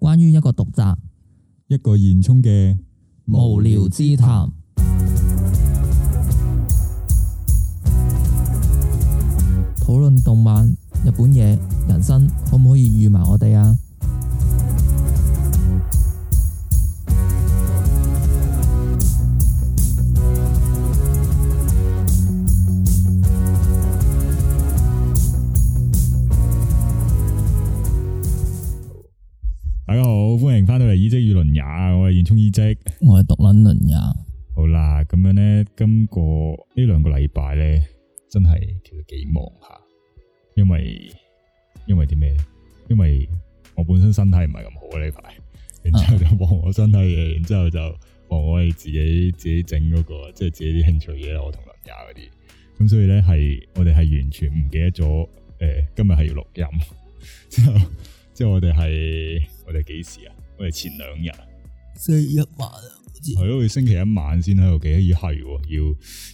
關於一個毒宅，一個現充嘅無聊之談，討論動漫、日本嘢、人生，可唔可以預埋我哋啊？即我係讀捻輪呀。好啦，咁樣咧，今個呢兩個禮拜咧，真係其實幾忙下，因為因為啲咩？因為我本身身體唔係咁好啊，呢排然之後就望我身體嘅，啊、然之後就望我哋自己自己整嗰、嗰個，即係自己啲興趣嘢啦。我同林雅嗰啲咁，所以咧係我哋係完全唔記得咗誒，今日係要錄音，之後之後我哋係我哋幾時啊？我哋前兩日。星期一晚啊，係咯，星期一晚先喺度記得喎，要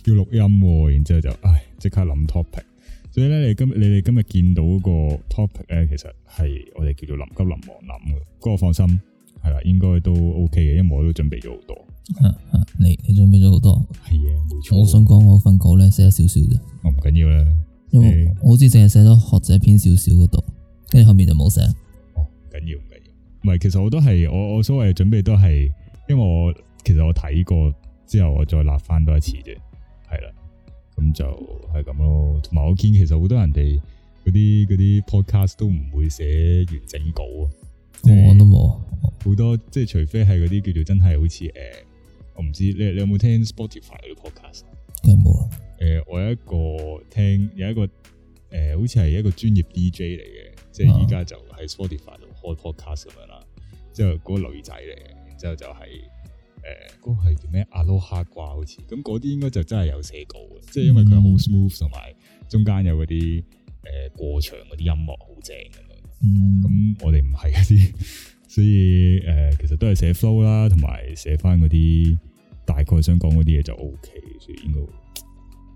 要錄音，然之後就唉，即刻諗 topic。所以咧，你今你哋今日見到個 topic 咧，其實係我哋叫做臨急臨忙諗嘅。哥放心，係啦，應該都 OK 嘅，因為我都準備咗好多。吓吓，你你準備咗好多？係啊，冇錯。我想講我份稿咧寫少少啫。我唔緊要啦，因為好似淨係寫咗學者篇少少嗰度，跟住後面就冇寫。哦，唔緊要。唔係，其實我都係我我所謂嘅準備都係，因為我其實我睇過之後，我再立翻多一次啫，係啦，咁就係咁咯。同埋我見其實好多人哋啲啲 podcast 都唔會寫完整稿啊，我都冇，啊，好多即係除非係啲叫做真係好似誒、呃，我唔知你你有冇聽 Spotify 嗰啲 podcast？係冇啊有，誒、呃，我有一個聽有一個誒、呃，好似係一個專業 DJ 嚟嘅，即係依家就喺 Spotify 度開 podcast 咁樣啦。之後嗰個女仔嚟嘅，然之後就係誒嗰個係叫咩阿羅哈啩好似，咁嗰啲應該就真係有寫稿嘅，即係因為佢好 smooth 同埋、嗯、中間有嗰啲誒過場嗰啲音樂好正嘅，咁、嗯、我哋唔係一啲，所以誒、呃、其實都係寫 flow 啦，同埋寫翻嗰啲大概想講嗰啲嘢就 O、OK, K，所以應該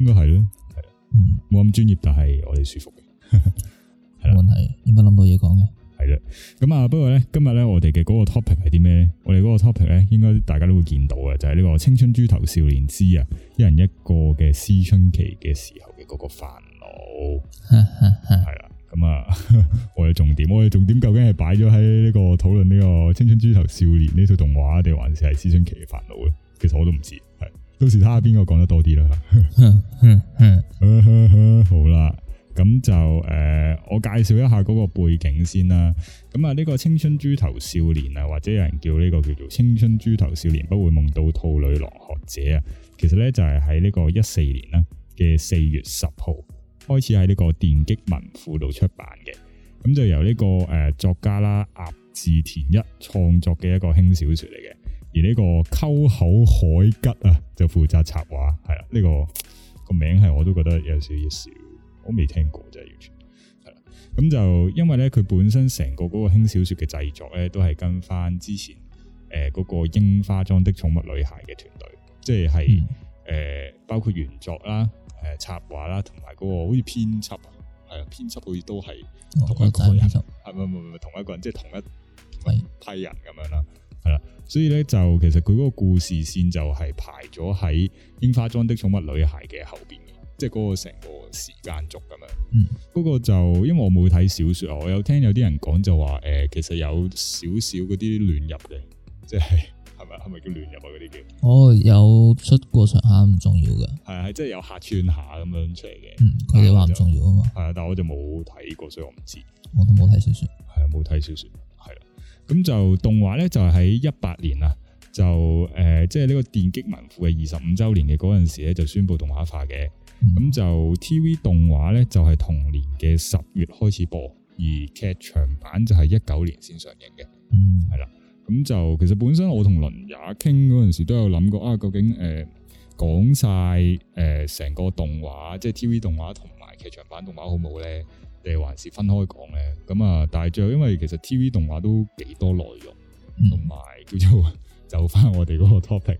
應該係咯，係啦，冇咁、嗯、專業，但係我哋舒服嘅，冇 的問題，應該諗到嘢講嘅。係啦，咁啊，不過咧，今日咧，我哋嘅嗰個 topic 係啲咩咧？我哋嗰個 topic 咧，應該大家都會見到嘅，就係、是、呢個青春豬頭少年之啊，一人一個嘅思春期嘅時候嘅嗰個煩惱，係啦 咁啊， 我哋重點，我哋重點究竟係擺咗喺呢個討論呢個青春豬頭少年呢套動畫，定還是係思春期嘅煩惱咧？其實我都唔知，係到時睇下邊個講得多啲啦。好啦。咁就誒、呃，我介紹一下嗰個背景先啦。咁、嗯、啊，呢、這個青春豬頭少年啊，或者有人叫呢、這個叫做青春豬頭少年，不會夢到兔女郎學姐啊。其實呢，就係喺呢個一四年啦嘅四月十號開始喺呢個電擊文庫度出版嘅。咁、嗯、就由呢、這個誒、呃、作家啦，鴨志田一創作嘅一個輕小說嚟嘅。而呢個溝口海吉啊，就負責插畫係啦。呢、這個、這個名係我都覺得有少少。我未聽過，真係完全係啦，咁就因為咧，佢本身成個嗰個輕小說嘅製作咧，都係跟返之前誒嗰個《櫻花莊的寵物女孩》嘅團隊，即係誒、嗯呃、包括原作啦、誒、呃、插畫啦，同埋嗰個好似編輯係啊，編輯好似都係同一個人，係咪唔係同一個人，即係同一批人咁樣啦，係啦的，所以咧就其實佢嗰個故事線就係排咗喺《櫻花莊的寵物女孩》嘅後邊。即係嗰個成個時間軸咁樣，不過、嗯、嗰個就因為我冇睇小說啊，我有聽有啲人講就話誒、呃，其實有少少嗰啲亂入嘅，即係係咪係咪叫亂入啊？嗰啲叫？哦，有出過場下唔重要嘅，係係、啊、即係有客串下咁樣出嚟嘅。嗯，佢哋話唔重要啊嘛。係啊，但係我就冇睇過，所以我唔知。我都冇睇小說，係冇睇小說，係啦。咁就動畫咧就係喺一八年啊，就誒即係呢、就是呃就是、個電擊文庫嘅二十五周年嘅嗰陣時咧就宣布動畫化嘅。咁就 T.V. 動畫咧，就係、是、同年嘅十月開始播，而劇場版就係一九年先上映嘅，係啦、嗯。咁就其實本身我同倫也傾嗰陣時，都有諗過啊，究竟誒、呃、講晒誒成個動畫，即係 T.V. 動畫同埋劇場版動畫好唔好咧，定係還是分開講咧？咁啊，但係最後因為其實 T.V. 動畫都幾多內容，同埋、嗯、叫做走返我哋嗰個 topic，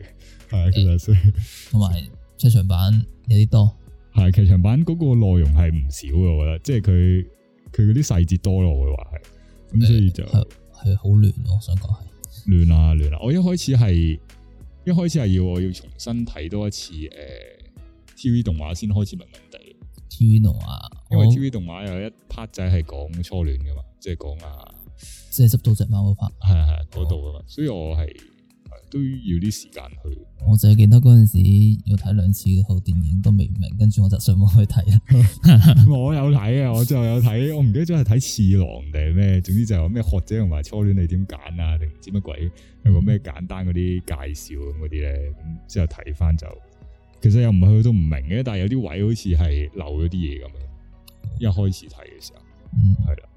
係咁樣先，同埋劇場版有啲多。係劇場版嗰個內容係唔少嘅，我覺得，即係佢佢嗰啲細節多咯，我會話係，咁所以就係好亂咯，我想講係亂啊亂啊！我一開始係一開始係要我要重新睇多一次誒、呃、TV 動畫先開始明明哋 TV 動畫，因為 TV 動畫有一 part 仔係講初戀嘅嘛，哦、即係講啊，即係執到隻貓嗰 part，係係嗰度啊嘛，所以我係。都要啲時間去。我就係記得嗰陣時要睇兩次套電影都未明，跟住我就上網去睇啦。我有睇啊，我最後有睇，我唔記得咗係睇《次郎》定係咩？總之就係咩學姐同埋初戀，你點揀啊？定唔知乜鬼有個咩簡單嗰啲介紹嗰啲咧？之後睇翻就其實又唔係佢都唔明嘅，但係有啲位好似係漏咗啲嘢咁樣。一開始睇嘅時候係啦，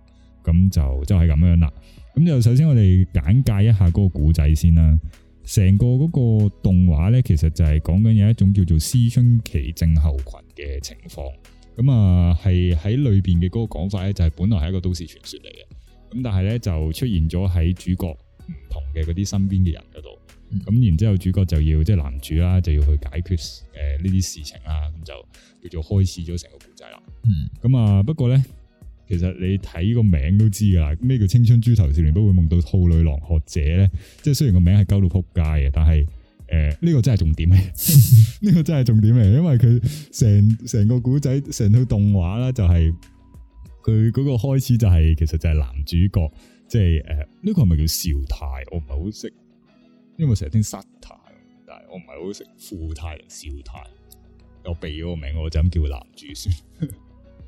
咁、嗯、就就係咁樣啦。咁就首先我哋簡介一下嗰個古仔先啦。成個嗰個動畫咧，其實就係講緊有一種叫做思春期症候群嘅情況。咁啊，係喺裏邊嘅嗰個講法咧，就係、是、本來係一個都市傳說嚟嘅。咁但係咧就出現咗喺主角唔同嘅嗰啲身邊嘅人嗰度。咁、嗯、然之後主角就要即係、就是、男主啦、啊，就要去解決誒呢啲事情啦、啊。咁就叫做開始咗成個故仔啦。咁、嗯、啊，不過咧。其實你睇個名都知噶啦，咩叫青春豬頭少年不會夢到兔女郎學姐咧？即係雖然個名係鳩到扑街嘅，但係誒呢個真係重點嚟，呢 個真係重點嚟，因為佢成成個古仔、成套動畫啦，就是，就係佢嗰個開始就係、是、其實就係男主角，即係誒呢個係咪叫少太？我唔係好識，因為成日聽殺太，但係我唔係好識富太同少太，我避咗個名我就咁叫男主先。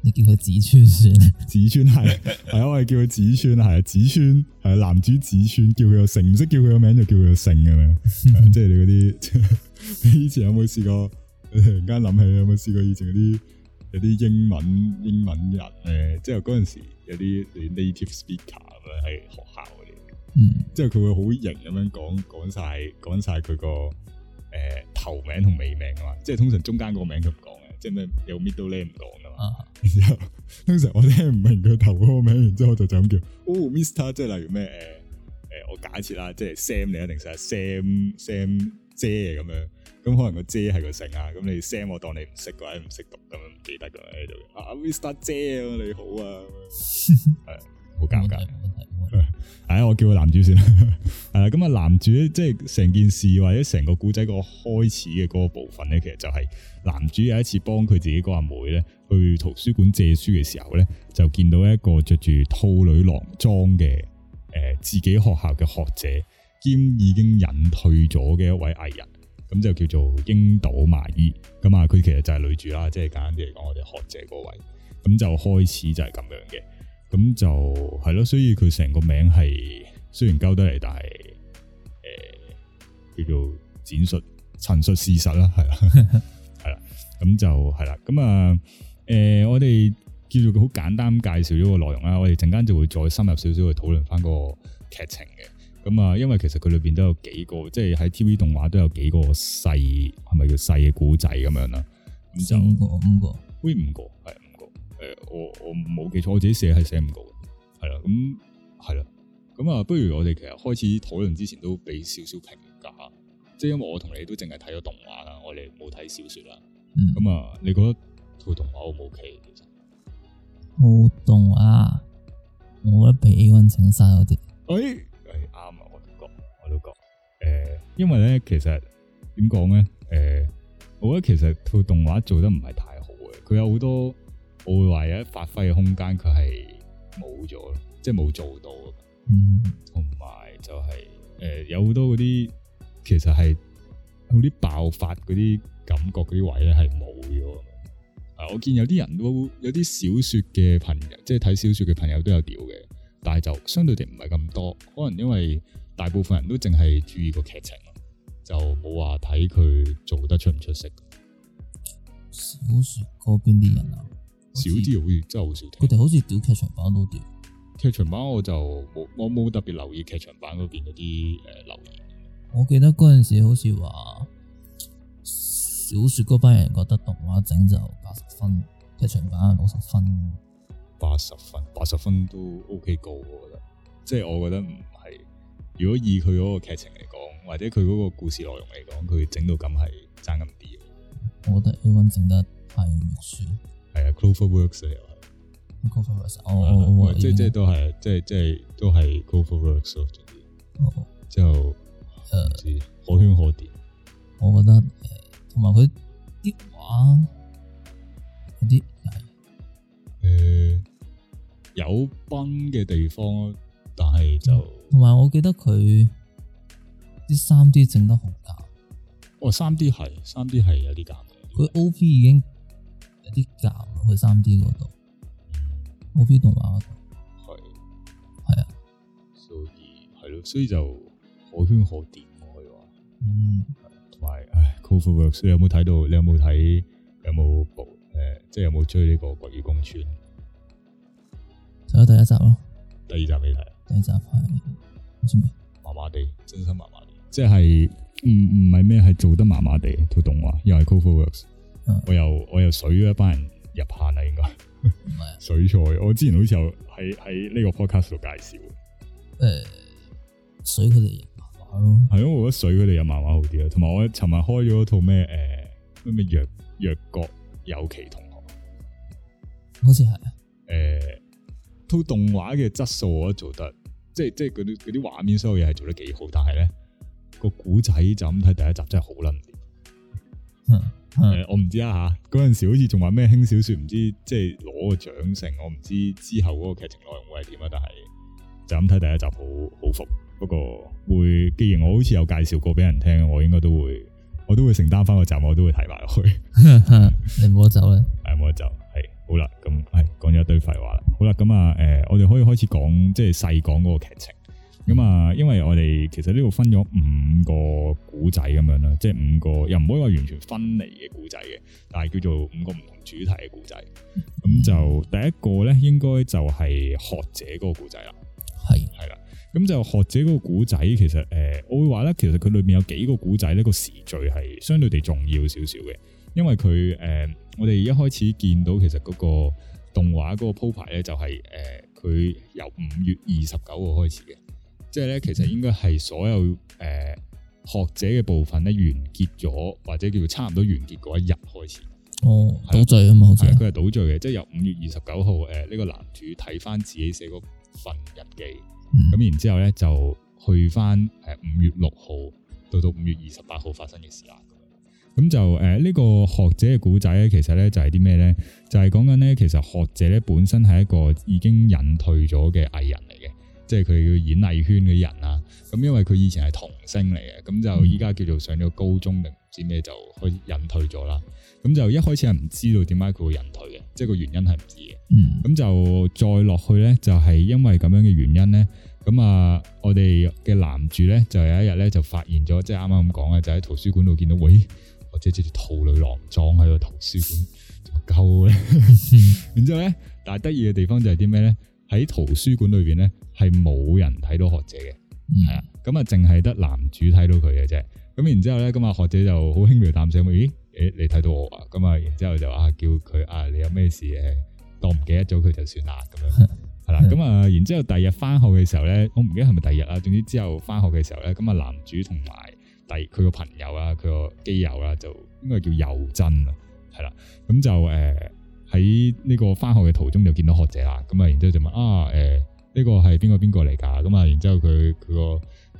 你叫佢梓川算，梓川係係啊，我係叫佢梓川係，啊，梓川係啊，男主梓川，叫佢個姓，唔識叫佢個名叫 就叫佢個姓咁樣，即係你啲，你以前有冇試過突然間諗起有冇試過以前啲有啲英文英文人誒、 呃，即係陣時有啲 native speaker 咁樣喺學校啲，嗯即，即係佢會好型咁樣講講晒講晒佢個誒頭名同尾名啊嘛，即、就、係、是、通常中間個名佢唔講嘅，即係咩有 middle name 唔講。就是啊、uh！然之後通常我聽唔明佢頭嗰個名，然之後我就就咁叫，哦、oh,，Mister，即係例如咩誒誒，我假設啦，即係 Sam，你一定成日 Sam Sam 姐咁樣，咁可能姐個姐係個姓啊，咁你 Sam 我當你唔識嘅話唔識讀，咁樣唔記得噶啦，啊、ah,，Mister 姐你好啊，係好尷尬。係啊、 哎，我叫個男主先啦。誒，咁啊，男主咧即係成件事或者成個故仔個開始嘅嗰個部分咧，其實就係男主有一次幫佢自己個阿妹咧去圖書館借書嘅時候咧，就見到一個着住兔女郎裝嘅誒、呃，自己學校嘅學姐兼已經隱退咗嘅一位藝人，咁就叫做櫻島麻衣。咁啊，佢其實就係女主啦，即係簡單啲嚟講，我哋學姐嗰位，咁就開始就係咁樣嘅。咁就係咯，所以佢成個名係雖然交得嚟，但係誒、呃、叫做展述、陳述事實啦，係啦，係啦， 咁就係啦。咁啊誒，我哋叫做好簡單介紹咗個內容啦，我哋陣間就會再深入少少去討論翻個劇情嘅。咁啊，因為其實佢裏邊都有幾個，即係喺 TV 動畫都有幾個細係咪叫細嘅故仔咁樣啦。五個，五個，五個，會五個係。誒、呃，我我冇記錯，我自己寫係寫唔到嘅。係啦，咁係啦，咁、嗯、啊、嗯，不如我哋其實開始討論之前都點點，都俾少少評價，即係因為我同你都淨係睇咗動畫啦，我哋冇睇小說啦，咁啊、嗯嗯，你覺得套動畫 O 唔 O K？套動畫，我覺得俾《A one、哎》請晒嗰啲，誒誒，啱啊，我都覺，我都覺，誒、呃，因為咧，其實點講咧，誒、呃，我覺得其實套動畫做得唔係太好嘅，佢有好多。我會話有一發揮嘅空間，佢係冇咗咯，即係冇做到。嗯，同埋就係、是、誒、呃，有好多嗰啲其實係有啲爆發嗰啲感覺嗰啲位咧係冇咗。我見有啲人都有啲小說嘅朋友，即係睇小說嘅朋友都有屌嘅，但係就相對地唔係咁多，可能因為大部分人都淨係注意個劇情，就冇話睇佢做得出唔出色。小說嗰邊啲人啊～少啲，好似真係好少睇。佢哋好似屌劇場版嗰邊。劇場版我就冇，我冇特別留意劇場版嗰邊嗰啲誒留言。我記得嗰陣時好似話小說嗰班人覺得動畫整就八十分，劇場版六十分，八十分八十分都 OK，高我覺得。即係我覺得唔係，如果以佢嗰個劇情嚟講，或者佢嗰個故事內容嚟講，佢整到咁係爭咁啲。我覺得 A One 整得太肉酸。係啊，CloverWorks 又係 CloverWorks，哦，的即係即係都係，即係即係都係 CloverWorks 咯，總之，哦，之後誒，可圈可點。我覺得誒，同埋佢啲畫有啲誒有崩嘅，呃、地方，但係就同埋，嗯、我記得佢啲三 D 整得好假。哦，三 D 係，三 D 係有啲假。佢 OP 已經。啲教去三 D 嗰度，冇 f e e 動畫嗰度係係啊，是的所以係咯，所以就可圈可點喎，啊。又話嗯，同埋唉，CloverWorks 你有冇睇到？你有冇睇？有冇部誒？即、呃、係、就是、有冇追呢個《國語公孫》就到第一集咯，第二集未睇？第二集係唔知咩，麻麻地，真心麻麻地，即係唔唔係咩？係、嗯、做得麻麻地，套動畫又係 CloverWorks。我又我又水咗一班人入行啦，應該唔係、啊、水菜。我之前好似有喺喺呢個 podcast 度介紹，誒，水佢哋漫畫咯，係咯，我覺得水佢哋又漫畫好啲啦。同埋我尋日開咗一套咩誒咩咩弱弱角友崎同學，好似係誒套動畫嘅質素我都做得即係即係嗰啲嗰啲畫面所有嘢係做得幾好，但係咧、個古仔就咁睇第一集真係好撚。嗯誒、嗯呃，我唔知啊吓。嗰陣時好似仲話咩輕小說，唔知即係攞個獎成。我唔知之後嗰個劇情內容會係點啊。但係就咁睇第一集，好好服。不過會，既然我好似有介紹過俾人聽，我應該都會，我都會承擔翻個集，我都會睇埋去。你唔好走啦，係冇 得走，係好啦。咁係講咗一堆廢話啦。好啦，咁啊，誒、呃，我哋可以開始講，即係細講嗰個劇情。咁啊、嗯，因為我哋其實呢度分咗五個古仔咁樣啦，即係五個又唔可以話完全分離嘅古仔嘅，但係叫做五個唔同主題嘅古仔。咁、嗯、就第一個咧，應該就係學姐嗰個古仔是啦。係係啦，咁就學姐嗰個古仔，其實誒、呃，我會話咧，其實佢裏面有幾個古仔咧個時序係相對地重要少少嘅，因為佢誒、呃，我哋一開始見到其實嗰個動畫嗰個鋪排咧，就係、是、誒，佢、呃、由五月二十九號開始嘅。即係咧，其實應該係所有誒、呃、學姐嘅部分咧完結咗，或者叫做差唔多完結嗰一日開始。哦，倒敘啊嘛，好似佢係倒敘嘅，即係由五月二十九號誒呢個男主睇返自己寫嗰份日記，咁、嗯、然之後咧就去返誒五月六號到到五月二十八號發生嘅事啦。咁就誒呢、呃這個學姐嘅故仔咧，其實咧就係啲咩咧？就係講緊咧，就是、說說，其實學姐咧本身係一個已經隱退咗嘅藝人嚟嘅。即係佢演藝圈嘅人啊，咁，因為佢以前係童星嚟嘅，咁就依家叫做上咗高中定唔知咩，就開始隱退咗啦。咁就一開始係唔知道點解佢會隱退嘅，即係個原因係唔知嘅。咁、嗯、就再落去咧，就係、是、因為咁樣嘅原因咧。咁啊，我哋嘅男主咧，就有一日咧就發現咗，即係啱啱咁講嘅，就喺、是、圖書館度見到，喂，我即係著住兔女郎裝喺個圖書館，夠咧。嗯、 然之後咧，但係得意嘅地方就係啲咩咧？喺圖書館裏邊咧。係冇人睇到學姐嘅，係啊、嗯，咁啊，淨係得男主睇到佢嘅啫。咁然之後咧，咁啊，學姐就好輕描淡寫，咦？誒，你睇到我啊？咁啊，然之後就啊，叫佢啊，你有咩事誒？當唔記得咗佢就算啦，咁樣係啦。咁啊、嗯，然之後第二日翻學嘅時候咧，我唔記得係咪第二日啦。總之之後翻學嘅時候咧，咁啊，男主同埋第佢個朋友啦，佢個基友啦，就應該叫尤真啊，係啦。咁就誒喺呢個翻學嘅途中就見到學姐啦。咁啊，然之後就問啊，誒、呃。呢個係邊個邊個嚟㗎？咁啊，然之後佢佢個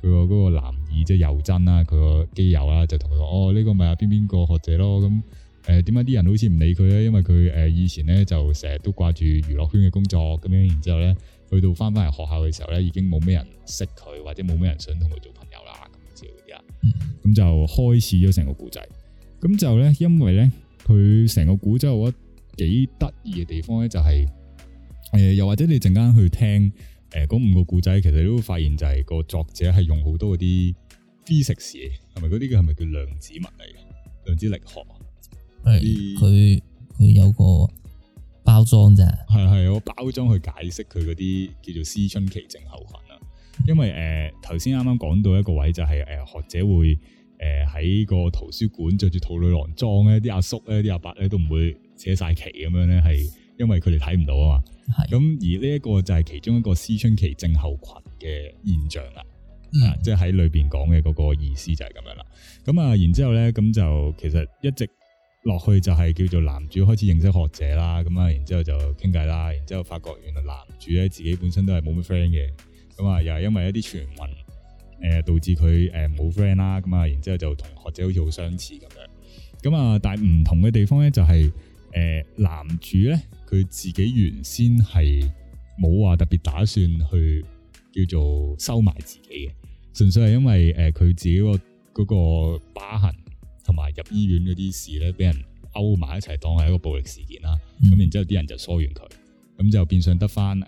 佢個嗰、那個、男二即係佑真啦，佢個基友啦，就同佢講：哦，呢、這個咪啊邊邊個學姐咯。咁誒點解啲人好似唔理佢咧？因為佢誒、呃、以前咧就成日都掛住娛樂圈嘅工作咁樣，然之後咧去到返返嚟學校嘅時候咧，已經冇咩人識佢，或者冇咩人想同佢做朋友啦咁之類啲啊。咁 就開始咗成個古仔。咁就咧，因為咧，佢成個古仔我覺得幾得意嘅地方咧，就係、是。誒、呃，又或者你陣間去聽誒嗰、呃、五個故仔，其實都會發現就係個作者係用好多嗰啲 physics，係咪嗰啲叫係咪叫量子物嚟嘅，量子力學？係佢佢有個包裝啫，係係有個包裝去解釋佢嗰啲叫做思春期症候群啦。因為誒頭先啱啱講到一個位就係、是、誒、呃、學者會誒喺、呃、個圖書館着住兔女郎裝咧，啲、啊、阿叔咧，啲、啊、阿伯咧都唔會扯晒旗咁樣咧，係因為佢哋睇唔到啊嘛。咁是而呢一個就係其中一個思春期症候群嘅現象啦，嗯、即係喺裏邊講嘅嗰個意思就係咁樣啦。咁啊，然之後咧，咁就其實一直落去就係叫做男主開始認識學姐啦。咁啊，然之後就傾偈啦，然之後發覺原來男主咧自己本身都係冇乜 friend 嘅。咁啊，又係因為一啲傳聞誒、呃、導致佢誒冇 friend 啦。咁啊，然之後就同學姐好似好相似咁樣。咁啊，但係唔同嘅地方咧就係、是、誒、呃、男主咧。佢自己原先係冇話特別打算去叫做收埋自己嘅，純粹係因為誒佢、呃、自己的那個嗰個疤痕同埋入醫院嗰啲事咧，俾人勾埋一齊當係一個暴力事件啦。咁、嗯、然之後啲人就疏遠佢，咁就變相得返誒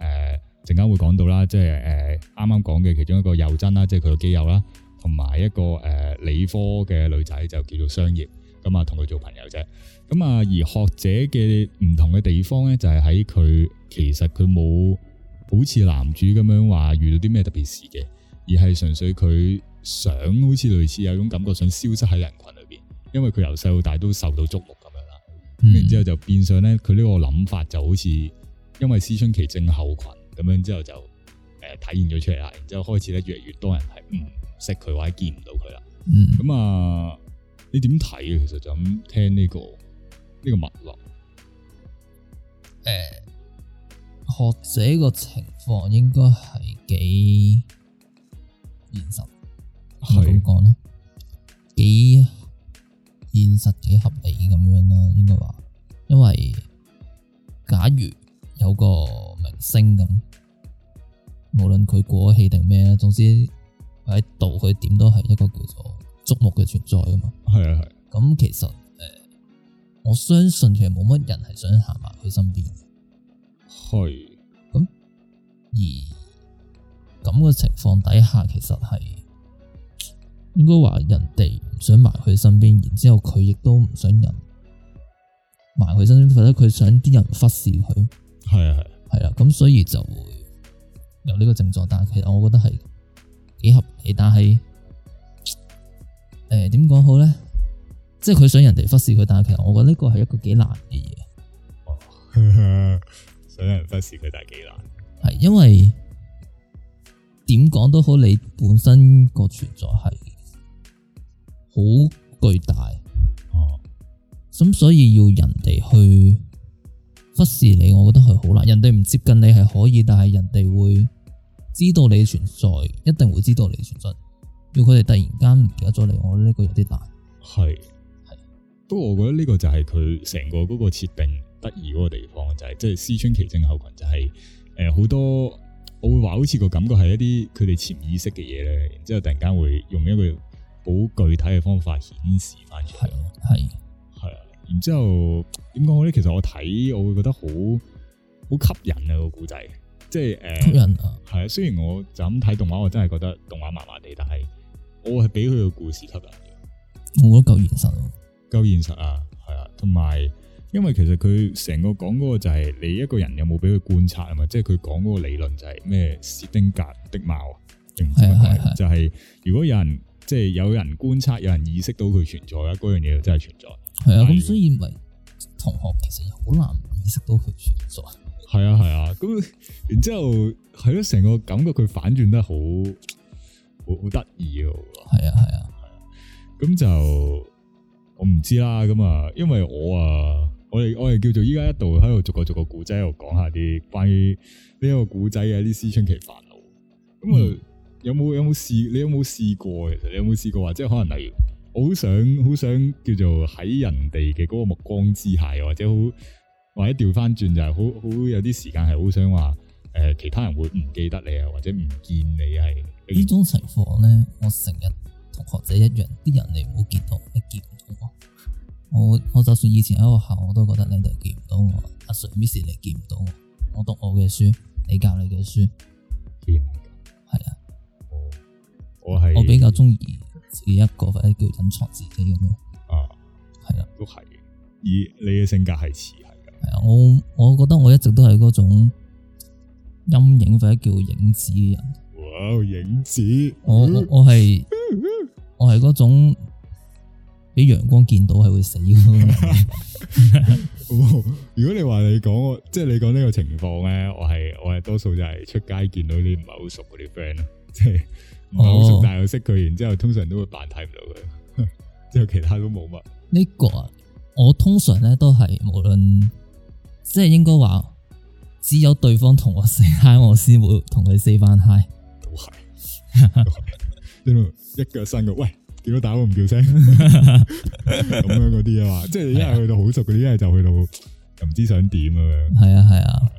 陣間會講到啦，即係誒啱啱講嘅其中一個佑真啦，即係佢嘅基友啦，同埋一個、呃、理科嘅女仔就叫做雙葉。咁啊，同佢做朋友啫。咁啊，而學者嘅唔同嘅地方咧，就係喺佢其實佢冇好似男主咁樣話遇到啲咩特別事嘅，而係純粹佢想好似類似有種感覺，想消失喺人群裏邊。因為佢由細到大都受到矚目咁樣啦，跟住之後就變相咧，佢呢個諗法就好似因為思春期症候群咁樣，之後就誒體現咗出嚟啦。然之後開始咧越嚟越多人係唔識佢或者見唔到佢啦。嗯，咁啊。你點睇？其實就咁聽呢個呢個物力，誒，學者個情況應該係幾現實，係咁講啦，幾現實幾合理咁樣啦，應該話，因為假如有個明星咁，無論佢過咗氣定咩咧，總之喺度，佢點都係一個叫做。矚目嘅存在啊嘛，係啊係，咁、嗯、其實、呃、我相信其實冇乜人係想行埋佢身邊嘅，係咁的而咁嘅情況底下，其實係應該話人哋唔想埋佢身邊，然之後佢亦都唔想人埋佢身邊，或者佢想啲人忽視佢，係啊係，係啦，咁、嗯、所以就會有呢個症狀，但係其實我覺得係幾合理，但係。誒，點講好咧？即係佢想人哋忽視佢，但係其實我覺得呢個係一個幾難嘅嘢。哦，想人忽視佢，但係幾難。係因為點講都好，你本身個存在係好巨大。哦，咁所以要人哋去忽視你，我覺得係好難。人哋唔接近你係可以，但係人哋會知道你存在，一定會知道你存在。佢哋突然間唔記得咗嚟，我呢個有啲難。係係，不過我覺得呢個，是是個就係佢成個嗰個設定得意嗰個地方，就係即係《就是、思春奇境后群》，就係誒好多，我會話好似個感覺係一啲佢哋潛意識嘅嘢咧。然之後突然間會用一個好具體嘅方法顯示翻出嚟。係係啊，然之後點講咧？其實我睇我會覺得好好吸引啊個古仔，即係誒係啊。雖然我就咁睇動畫，我真係覺得動畫麻麻地，但係。我係俾佢個故事吸引嘅，我覺得夠現實咯，夠現實啊，係啊，同埋，因為其實佢成個講嗰個就係你一個人有冇俾佢觀察啊嘛，即係佢講嗰個理論就係咩史丁格的貓，定唔知，係係係，就係如果有人即係、就是、有人觀察，有人意識到佢存在咧，嗰樣嘢就真係存在。係啊，咁的的所以咪同學其實好難意識到佢存在。係啊係啊，咁然之後係咯，成個感覺佢反轉得好。好得意喎！係啊，係啊，係啊！咁就我唔知啦，咁啊，因為我啊，我哋我哋叫做依家一度喺度逐個逐個古仔，喺度講下啲關於呢個古仔嘅一啲思春期煩惱。咁啊、嗯，有冇有冇試？你有冇試過？其實你有冇試過啊？即係可能係我好想好想叫做喺人哋嘅嗰個目光之下，或者好或者調翻轉就係好好有啲時間係好想話。其他人會唔記得你啊，或者唔見你係呢種情況呢，我成日同學仔一樣，啲人你唔會見到，你見唔到我。我我就算以前喺學校，我都覺得你哋見唔到我。阿 Sir、Miss 你見唔到我，我讀我嘅書，你教你嘅書，見唔到。係啊，我我係我比較鍾意自己一個或者叫隱藏自己咁樣。啊，係啦、啊，都係。以你嘅性格係似係嘅。係啊，我我覺得我一直都係嗰種陰影或者叫影子嘅人，哇，影子，我我係我係嗰 種俾陽光見到係會死嘅。 如果你話你講，即係你講呢個情況咧，我係我係多數就係出街見到啲唔係好熟嗰啲 friend 咯，即係唔係好熟，哦、但係我識佢，然之後通常都會扮睇唔到佢，之後其他都冇乜。呢、這個我通常咧都係無論，即係應該話。只有對方同我 say hi，我先會同佢 say 翻 hi。都係，哈哈，一路一腳伸嘅，喂，點都打我唔叫聲，咁 樣嗰啲啊嘛。 即係一係去到好熟嗰啲，一係是、啊、就去到又唔知想點咁樣。係啊係啊、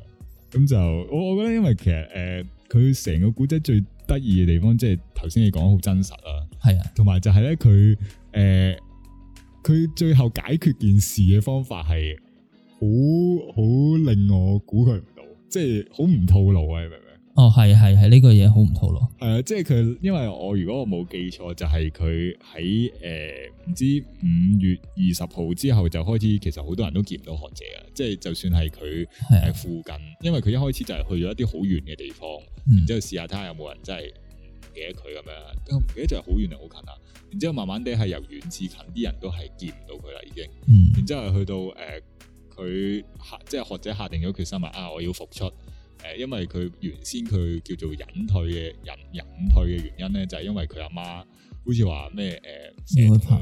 嗯，咁就我覺得，因為其實誒，佢、呃、成個古仔最得意嘅地方，即係頭先你講得好真實是啊。係、呃、啊，同埋就係咧，佢誒，佢最後解決件事嘅方法係好好令我估佢。即係好唔套路啊！你明唔明？哦，係啊，係，係呢個嘢，好唔套路。係啊、呃，即係佢，因為我如果我冇記錯，就係佢喺誒唔知五月二十號之後就開始，其實好多人都見唔到學姐啊。即係就算係佢喺附近，的因為佢一開始就係去咗一啲好遠嘅地方，嗯、然之後試下睇下有冇人真係記得佢咁樣。都唔記得就係好遠定好近啊？然之後慢慢地係由遠至近，啲人都係見唔到佢啦，已經。嗯、然之後去到誒。呃佢下即係學者下定咗決心啊！我要復出誒，因為佢原先佢叫做隱退嘅人，隱退嘅原因咧，就係因為佢阿媽好似話咩誒，係、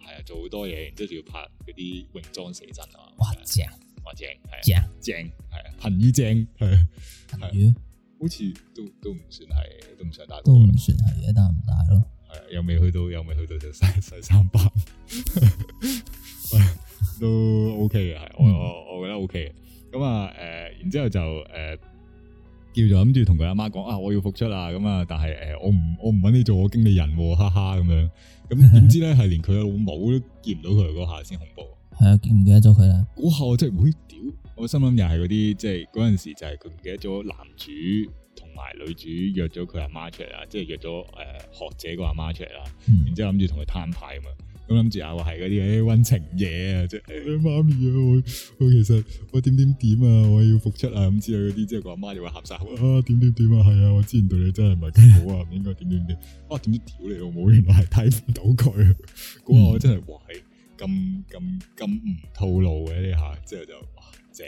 呃、啊，做好多嘢，然之後仲要拍嗰啲泳裝寫真啊，哇正哇正係啊，正係啊，彭于正係啊，好似都都唔算係，都唔想打都唔算係，打唔打咯？係啊，又未去到，又未去到，就剩剩三百。 都 OK 嘅，我我我覺得 OK 嘅，咁、嗯、啊，誒、嗯嗯，然之後就誒，叫做諗住同佢阿媽講啊，我要復出啦，咁啊，但係誒、呃，我唔我唔搵你做我經理人，哦，哈哈咁樣，咁、嗯、點知咧係是的 連佢老母都見唔到佢嗰下先恐怖，係啊，唔記得咗佢啦，嗰下我真係，誒，屌，我心諗又係嗰啲，即係嗰陣時就係佢唔記得咗男主同埋女主約咗佢阿媽出嚟啦，即、就、係、是、約咗誒學姐個阿媽出嚟啦，嗯、然之後諗住同佢攤牌咁樣。咁諗住又我係嗰啲誒溫情嘢啊，即係媽咪啊，我我其實我點點點啊，我要復出啊，咁之類嗰啲，之後個阿媽就會合晒，啊點點點啊，係啊，我之前對你真係唔係咁好啊，唔 應該點點點啊，點知屌你老母，原來係睇唔到佢嗰下，我真係哇，咁咁咁唔套路嘅呢下，之後就哇正，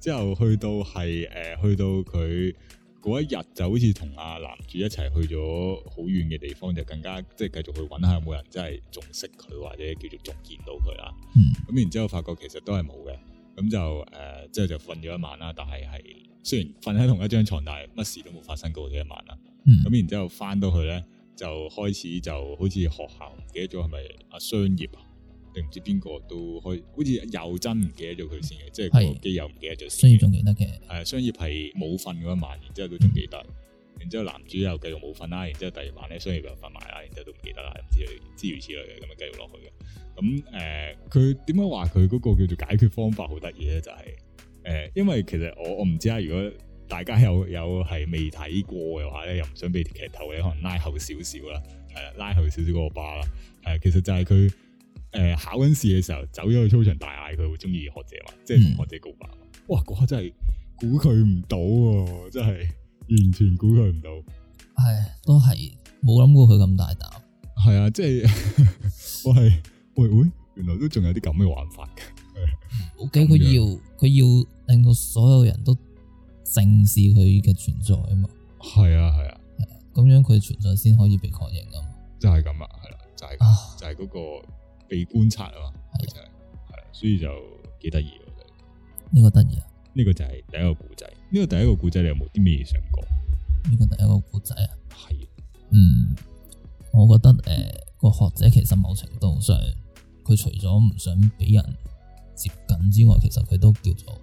之後去到係誒、呃，去到佢。嗰一日就好似同阿男主一齊去咗好遠嘅地方，就更加即係繼續去揾下有冇人真係仲識佢或者叫做仲見到佢啦。咁、嗯、然之後發覺其實都係冇嘅，咁就誒即、呃、就瞓咗一晚啦。但係係雖然瞓喺同一張床，但係乜事都冇發生過嗰一晚啦。咁、嗯、然之後返到去咧，就開始就好似學校唔記得咗係咪阿商業定唔知邊個都可以，好似又真唔記，記，記得咗佢先嘅，即係個機油唔記得咗先。商業仲記得嘅，係商業係冇瞓嗰一晚，然之後都仲記得。嗯、然之後男主又繼續冇瞓啦，然之後第二晚咧商業又瞓埋啦，然之後都唔記得啦，唔知諸如此類嘅咁樣繼續落去嘅。咁誒，佢點樣話佢嗰個叫做解決方法好得意咧？就係、是、誒、呃，因為其實我我唔知啊。如果大家有有係未睇過嘅話咧，又唔想俾劇透咧，可能拉後少少啦，係啦，拉後少少個 bar 啦。誒，其實就係佢。誒，考緊試嘅時候，走咗去操場大嗌，佢會中意學姐嘛？即係同學姐告白。嗯、哇，嗰下真係估佢唔到，真係完全估佢唔到。係都係冇諗過佢咁大膽。係啊，即係， 我係喂喂，原來都仲有啲咁嘅玩法嘅。O K，佢要佢要令到所有人都正視佢嘅存在啊嘛。係啊，係啊，係啊，咁樣佢嘅存在先可以被確認啊嘛。就係咁啊，係啦，就係就係嗰個。就係嗰個被觀察啊嘛，係就係係，所以就幾得意。我覺得呢個得意啊，呢個就係第一個故仔。呢、這個第一個故仔，你有冇啲咩嘢想講？呢個第一個故仔啊，係的嗯，我覺得誒，個、呃、學姐其實某程度上，佢除咗唔想俾人接近之外，其實佢都叫做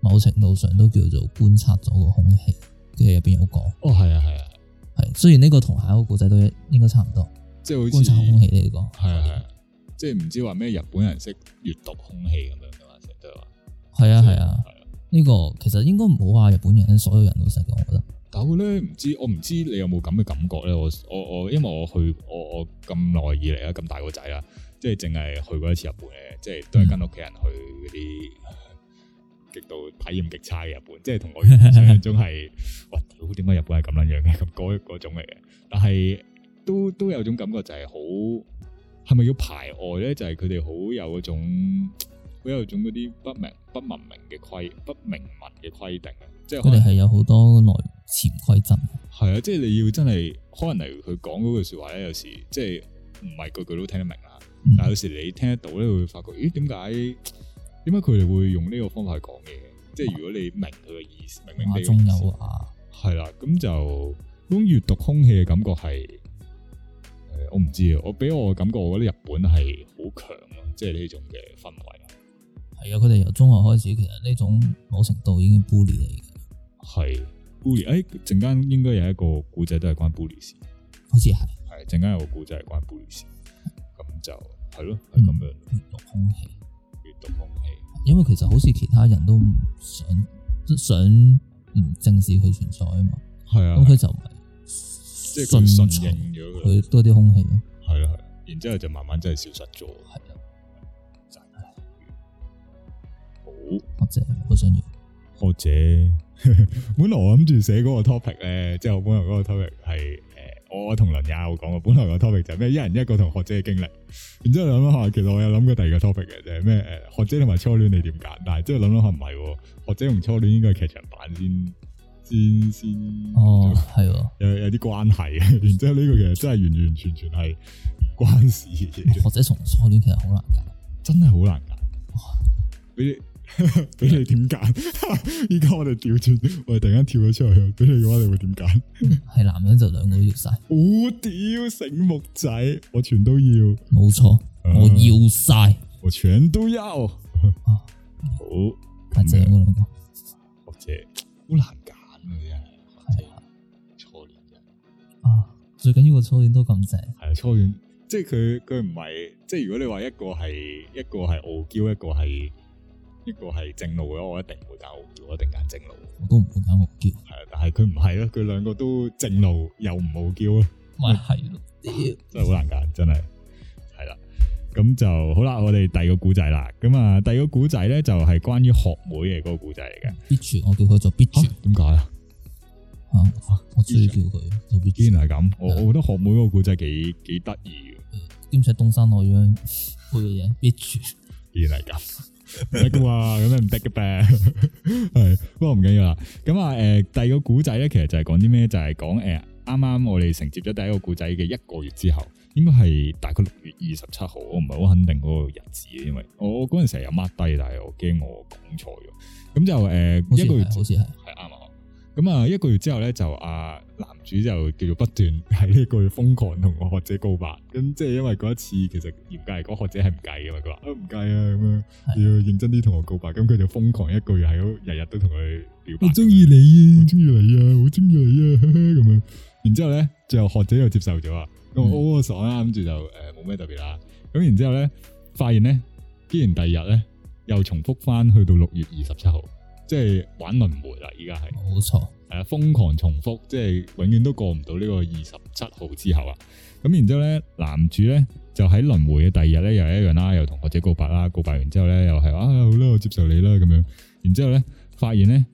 某程度上都叫做觀察咗個空氣嘅入邊有講哦，係啊，係啊，係。雖然呢個同下一個故仔都應應該差唔多，即係好似觀察空氣呢、這個係啊，係啊的。即係唔知話咩日本人識閱讀空氣咁樣嘅話，成日都話係啊係啊係啊！呢個其實應該唔好話日本人所有人都識嘅，我覺得。但係咧唔知我唔知你有冇咁嘅感覺咧？我我我因為我去我我咁耐以嚟啦，咁大個仔啦，即係淨係去過一次日本嘅，即係都係跟屋企人去嗰啲極度體驗極差嘅日本，嗯、即係同我印象中係， 哇！屌，點解日本係咁樣樣嘅？咁嗰嗰種嚟嘅，但係都都，都有種感覺就係好。係咪要排外咧？就係佢哋好有嗰種，好有種嗰啲不明不文明嘅規，不明文嘅規定，即有多規啊！即係佢哋係有好多內潛規則。係啊，即係你要真係可能嚟佢講嗰句說話咧，有時即係唔係句句都聽得明啊。嗯、但係有時你聽得到咧，會發覺咦，點解？點解佢哋會用呢個方法去講嘢？哇即係如果你明佢嘅意思，明明你？我仲有啊，係啦、啊，咁就咁閱讀空氣嘅感覺係。我唔知啊，我俾我感覺，我覺得日本係好強咯，即係呢種嘅氛圍。係啊，佢哋由中學開始，其實呢種某程度已經 bully、欸、應該 bully 嚟嘅。係 bully，誒，陣間應該有一個故仔都係關 bully 事。好似係，係陣間有個故仔係關 bully 事，咁就係咯，係咁樣。閱讀、嗯、空氣，閱讀空氣。因為其實好似其他人都唔想都想唔正視佢存在啊嘛。係啊的。咁佢就唔係。即係順應咗佢，多啲空氣，係啦，係，然之後就慢慢真係消失咗。係啦的，好學姐，好想要學姐。本來我諗住寫嗰個 topic 咧，即係我本來嗰個 topic 係誒，我同林野有講啊。本來個 topic 就係咩，一人一個同學姐嘅經歷。然之後諗諗下，其實我有諗過第二個 topic 嘅，就係咩誒，學姐同埋初戀你點揀？但係之後諗諗下唔係喎，學姐同初戀應該係劇場版先。先先哦，係啊、oh，有有啲關係嘅。然之後呢個其實真係完完全全係關事嘅嘢。或者從初戀其實好難揀， 真係好難揀。俾 給你俾 你點揀？而 家我哋調轉，我哋突然間跳咗出嚟，俾你嘅話你會點揀？係男人就兩個都要晒。好屌醒目仔，我全都要。冇錯，我要晒， 我全都要。 好，或者。好難。最緊要個初戀都咁正。係啊，初戀即係佢佢唔係，即係如果你話一個係一個係傲嬌，一個係一個係正路嘅話，我一定唔會揀傲嬌，我一定揀正路。我都唔會揀傲嬌，係啊，但係佢唔係咯，佢兩個都正路又唔傲嬌咯，咪係咯，真係好難揀，真係係啦。咁就好啦，我哋第二個古仔啦，咁啊第二個古仔咧就係、是、關於學妹嘅嗰個古仔嚟嘅。Bitch，我叫佢做 Bitch，點解啊？吓，我最鍾意叫佢。特竟然係咁，我對 我覺得學妹嗰個古仔幾幾得意兼且東山落雨，佢嘅嘢。竟然係咁，得嘅嘛？有咩唔得嘅唄？係不過唔緊要啦。咁啊，誒、呃，第二個古仔咧，其實就係講啲咩？就係講誒，啱、呃、啱我哋承接咗第一個古仔嘅一個月之後，應該係大概六月二十七號，我唔係好肯定嗰個日子，因為我嗰陣時有 mark 低，但係我驚我講錯咗。咁就誒，呃、一個月，好似係係啱咁啊，一個月之後咧，就啊，男主就叫做不斷喺呢個月瘋狂同個學姐告白，咁、嗯、即係因為嗰一次其實嚴格嚟講，那個、學姐係唔計噶嘛，佢話啊，唔計啊，咁樣、嗯、要認真啲同我告白，咁、嗯、佢、嗯、就瘋狂一個月喺度，日日都同佢表白，我中意你，我中意你啊，好中意你啊，咁 樣、嗯，然之後咧，最後學姐又接受咗啊，我好啊爽啊，咁、嗯、就就誒冇咩特別啦，咁、嗯、然之後咧，發現咧，竟然第二日咧又重複翻去到六月二十七號。即係玩輪回啦，而家係冇錯，係瘋錯狂重複，即係永遠都過唔到呢個二十七號之後啊。咁然之後咧，男主咧就喺輪回嘅第二日咧又係一樣啦，又同學姐告白啦。告白完之後咧又係啊，好啦，我接受你啦咁樣。然之後咧發現咧，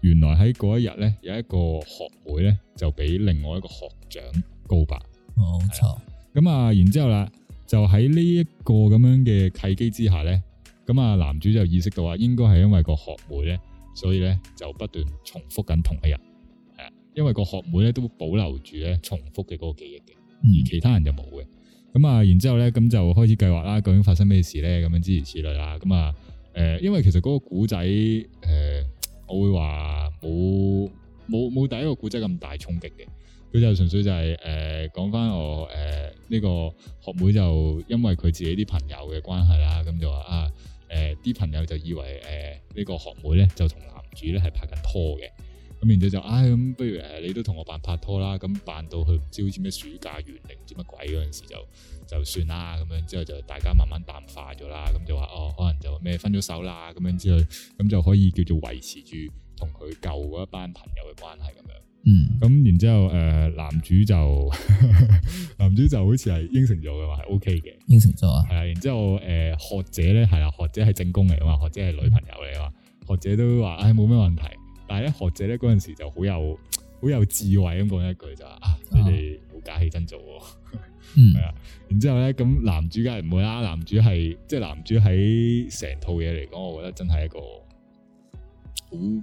原來喺嗰一日咧有一個學妹咧就俾另外一個學長告白，冇錯錯。咁啊，然之後啦，就喺呢一個咁樣嘅契機之下咧，咁啊，男主就意識到啊，應該係因為個學妹咧。所以咧就不斷重複緊同一日，係啊，因為個學妹咧都保留住咧重複嘅嗰個記憶嘅，而其他人就冇嘅。咁啊、嗯，然之後咧咁就開始計劃啦。究竟發生咩事咧？咁樣之如此類啦。咁啊，誒、呃，因為其實嗰個古仔誒，我會話冇冇冇第一個古仔咁大衝擊嘅。佢就純粹就係誒講翻我誒呢、呃這個學妹就因為佢自己啲朋友嘅關係啦，咁就話啊。誒啲、呃、朋友就以為誒呢、呃這個學妹咧就同男主咧係拍緊拖嘅，咁然之後就，唉、哎，咁不如誒你都同我扮拍拖啦，咁扮到佢唔知好似咩暑假、元年唔知乜鬼嗰陣時就就算啦，咁樣之後就大家慢慢淡化咗啦，咁就話哦，可能就咩分咗手啦，咁樣之後，咁就可以叫做維持住同佢舊嗰一班朋友嘅關係咁樣。嗯，咁然之後誒、呃，男主就呵呵男主就好似係應承咗嘅話，係 O K 嘅，應承咗、呃、啊，係啊，然之後誒，學姐咧係啦，學姐係正宮嚟嘛，學姐係女朋友嚟嘛，學姐都話唉冇咩問題，但係咧學姐咧嗰陣時就好有好有智慧咁講一句就話啊，你哋冇假戲真做、哦，嗯，係 啊，然之後咧咁男主梗係唔會啦，男主係即係男主喺成套嘢嚟講，我覺得真係一個好。嗯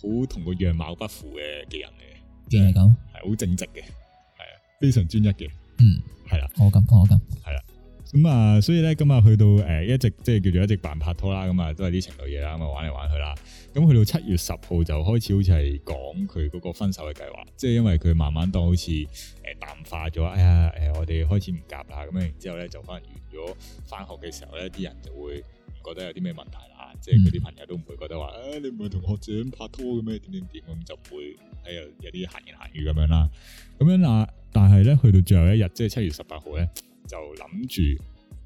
好同個樣貌不符嘅嘅人嚟嘅，即係咁，係好正直嘅，係啊，非常專一嘅，嗯，係啦的，我咁，我咁，係啦，咁啊，所以咧，今日去到誒、呃，一直即係叫做一直扮拍拖啦，咁啊，都係啲情侶嘢啦，咁啊，玩嚟玩去啦，咁去到七月十號就開始好似係講佢嗰個分手嘅計劃，即係因為佢慢慢當好似誒淡化咗，哎呀，誒，我哋開始唔夾啦，咁樣，然之後咧就可能完咗，翻學嘅時候咧，啲人就會唔覺得有啲咩問題。嗯、即係佢啲朋友都唔會覺得話，誒、嗯哎，你唔係同學長拍拖嘅咩？點點點咁就唔會，哎呀，有啲閒言閒語咁樣啦。咁樣啦，但係咧去到最後一日，即係七月十八號咧，就諗住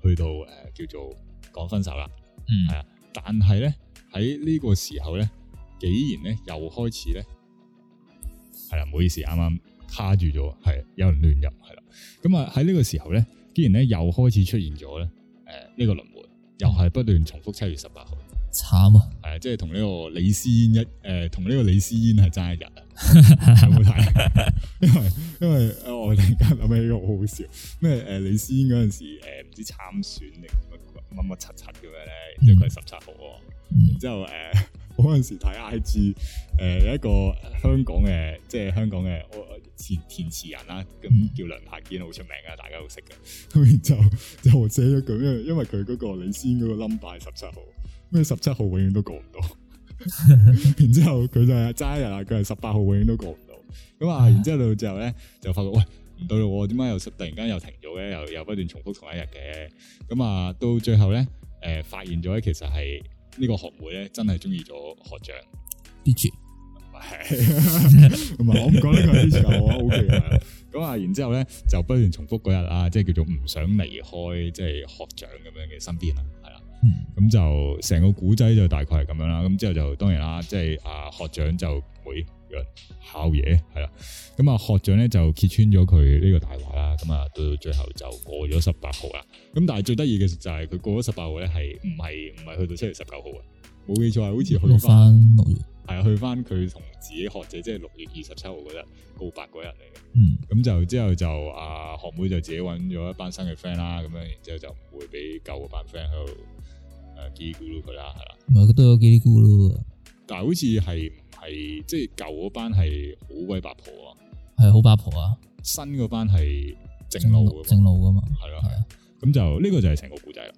去到誒、呃，叫做講分手啦。係啊、嗯，但係咧喺呢個時候咧，竟然咧又開始咧，係啦，唔好意思，啱啱卡住咗，係有人亂入，係啦。咁啊喺呢個時候咧，竟然咧又開始出現咗咧，誒、呃，呢、這個輪迴又係不斷重複七月十八號。慘啊，啊，係即係同呢個李思嫣一誒，同呢個李思嫣係爭一日啊。有冇睇？因為因為我突然間諗起一個好好笑咩？誒、呃，李思嫣嗰陣時誒，唔知參選定乜乜乜七七咁樣咧，然之後佢係十七號。嗯、然之後誒，我嗰陣時睇 I G 誒、呃，有一個香港嘅即係香港嘅我前填詞人啦，咁叫梁柏堅，好出名啊，大家都識噶。咁、嗯、然就就寫咗句咩？因為佢嗰、那個李思嫣嗰個 number 係十七號。十七號永遠都過唔到。 然之後佢就係齋日，佢係十八號永遠都過唔到。咁啊，然之後到最後咧，就發覺喂唔到咯，點解又突然間又停咗嘅？又又不斷重複同一日嘅？咁、嗯、啊，到最後咧，誒、呃，發現咗其實係呢個學妹咧，真係中意咗學長，跌住，同埋我唔講呢個係跌住，我 O K 嘅。咁 啊，然之後咧，就不斷重複嗰日啊，即係叫做唔想離開，即、就、係、是、學長咁樣嘅身邊啊。咁、嗯、就成個古仔就大概係咁樣啦，咁之後就當然啦，即係啊，學長就會有人考嘢係啦，咁、嗯、啊學長咧就揭穿咗佢呢個大話啦，咁啊到到最後就過咗十八號啦，咁但係最得意嘅就係佢過咗十八號咧係唔係唔係去到七月十九號啊，冇記錯係好似去翻六月係啊，去翻佢同自己學姐即係六月二十七號嗰日告白嗰日嚟嘅，咁、嗯、就之後就啊學妹就自己揾咗一班新嘅 friend 啦，咁樣，然之後就唔會俾舊嗰班 friend 喺度。基咕嚕佢啦，係啦，唔係，佢都有基咕嚕，但係好似係唔係即係舊嗰班係好鬼八婆啊，係好八婆啊，新嗰班係正路正路噶嘛，係咯係啊，咁的就呢、這個就係成個古仔啦，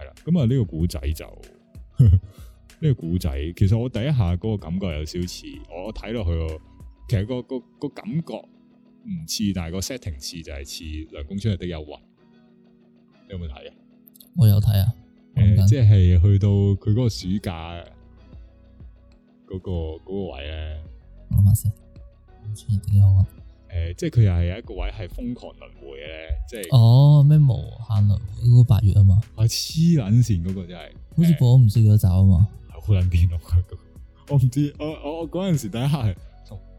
係啦、嗯，咁啊呢個古仔就呢 個古仔，其實我第一下嗰個感覺有少似，我睇落去，其實、那個、那個那個感覺唔似，但係個 setting 似就係、是、似涼宮春日嘅憂鬱，你有冇睇啊？我有睇啊。嗯、即係去到佢嗰個暑假嗰、嗰個嗰、嗰個位咧，我諗下先，幾好啊！誒、呃，即係佢又係有一個位係瘋狂輪迴嘅咧，即係哦咩無限輪迴八月啊嘛，係黐撚線嗰個真、就、係、是，好似播咗唔知幾多集啊嘛，好撚、欸、變凍嘅、那個，我唔知我我我嗰陣時第一下係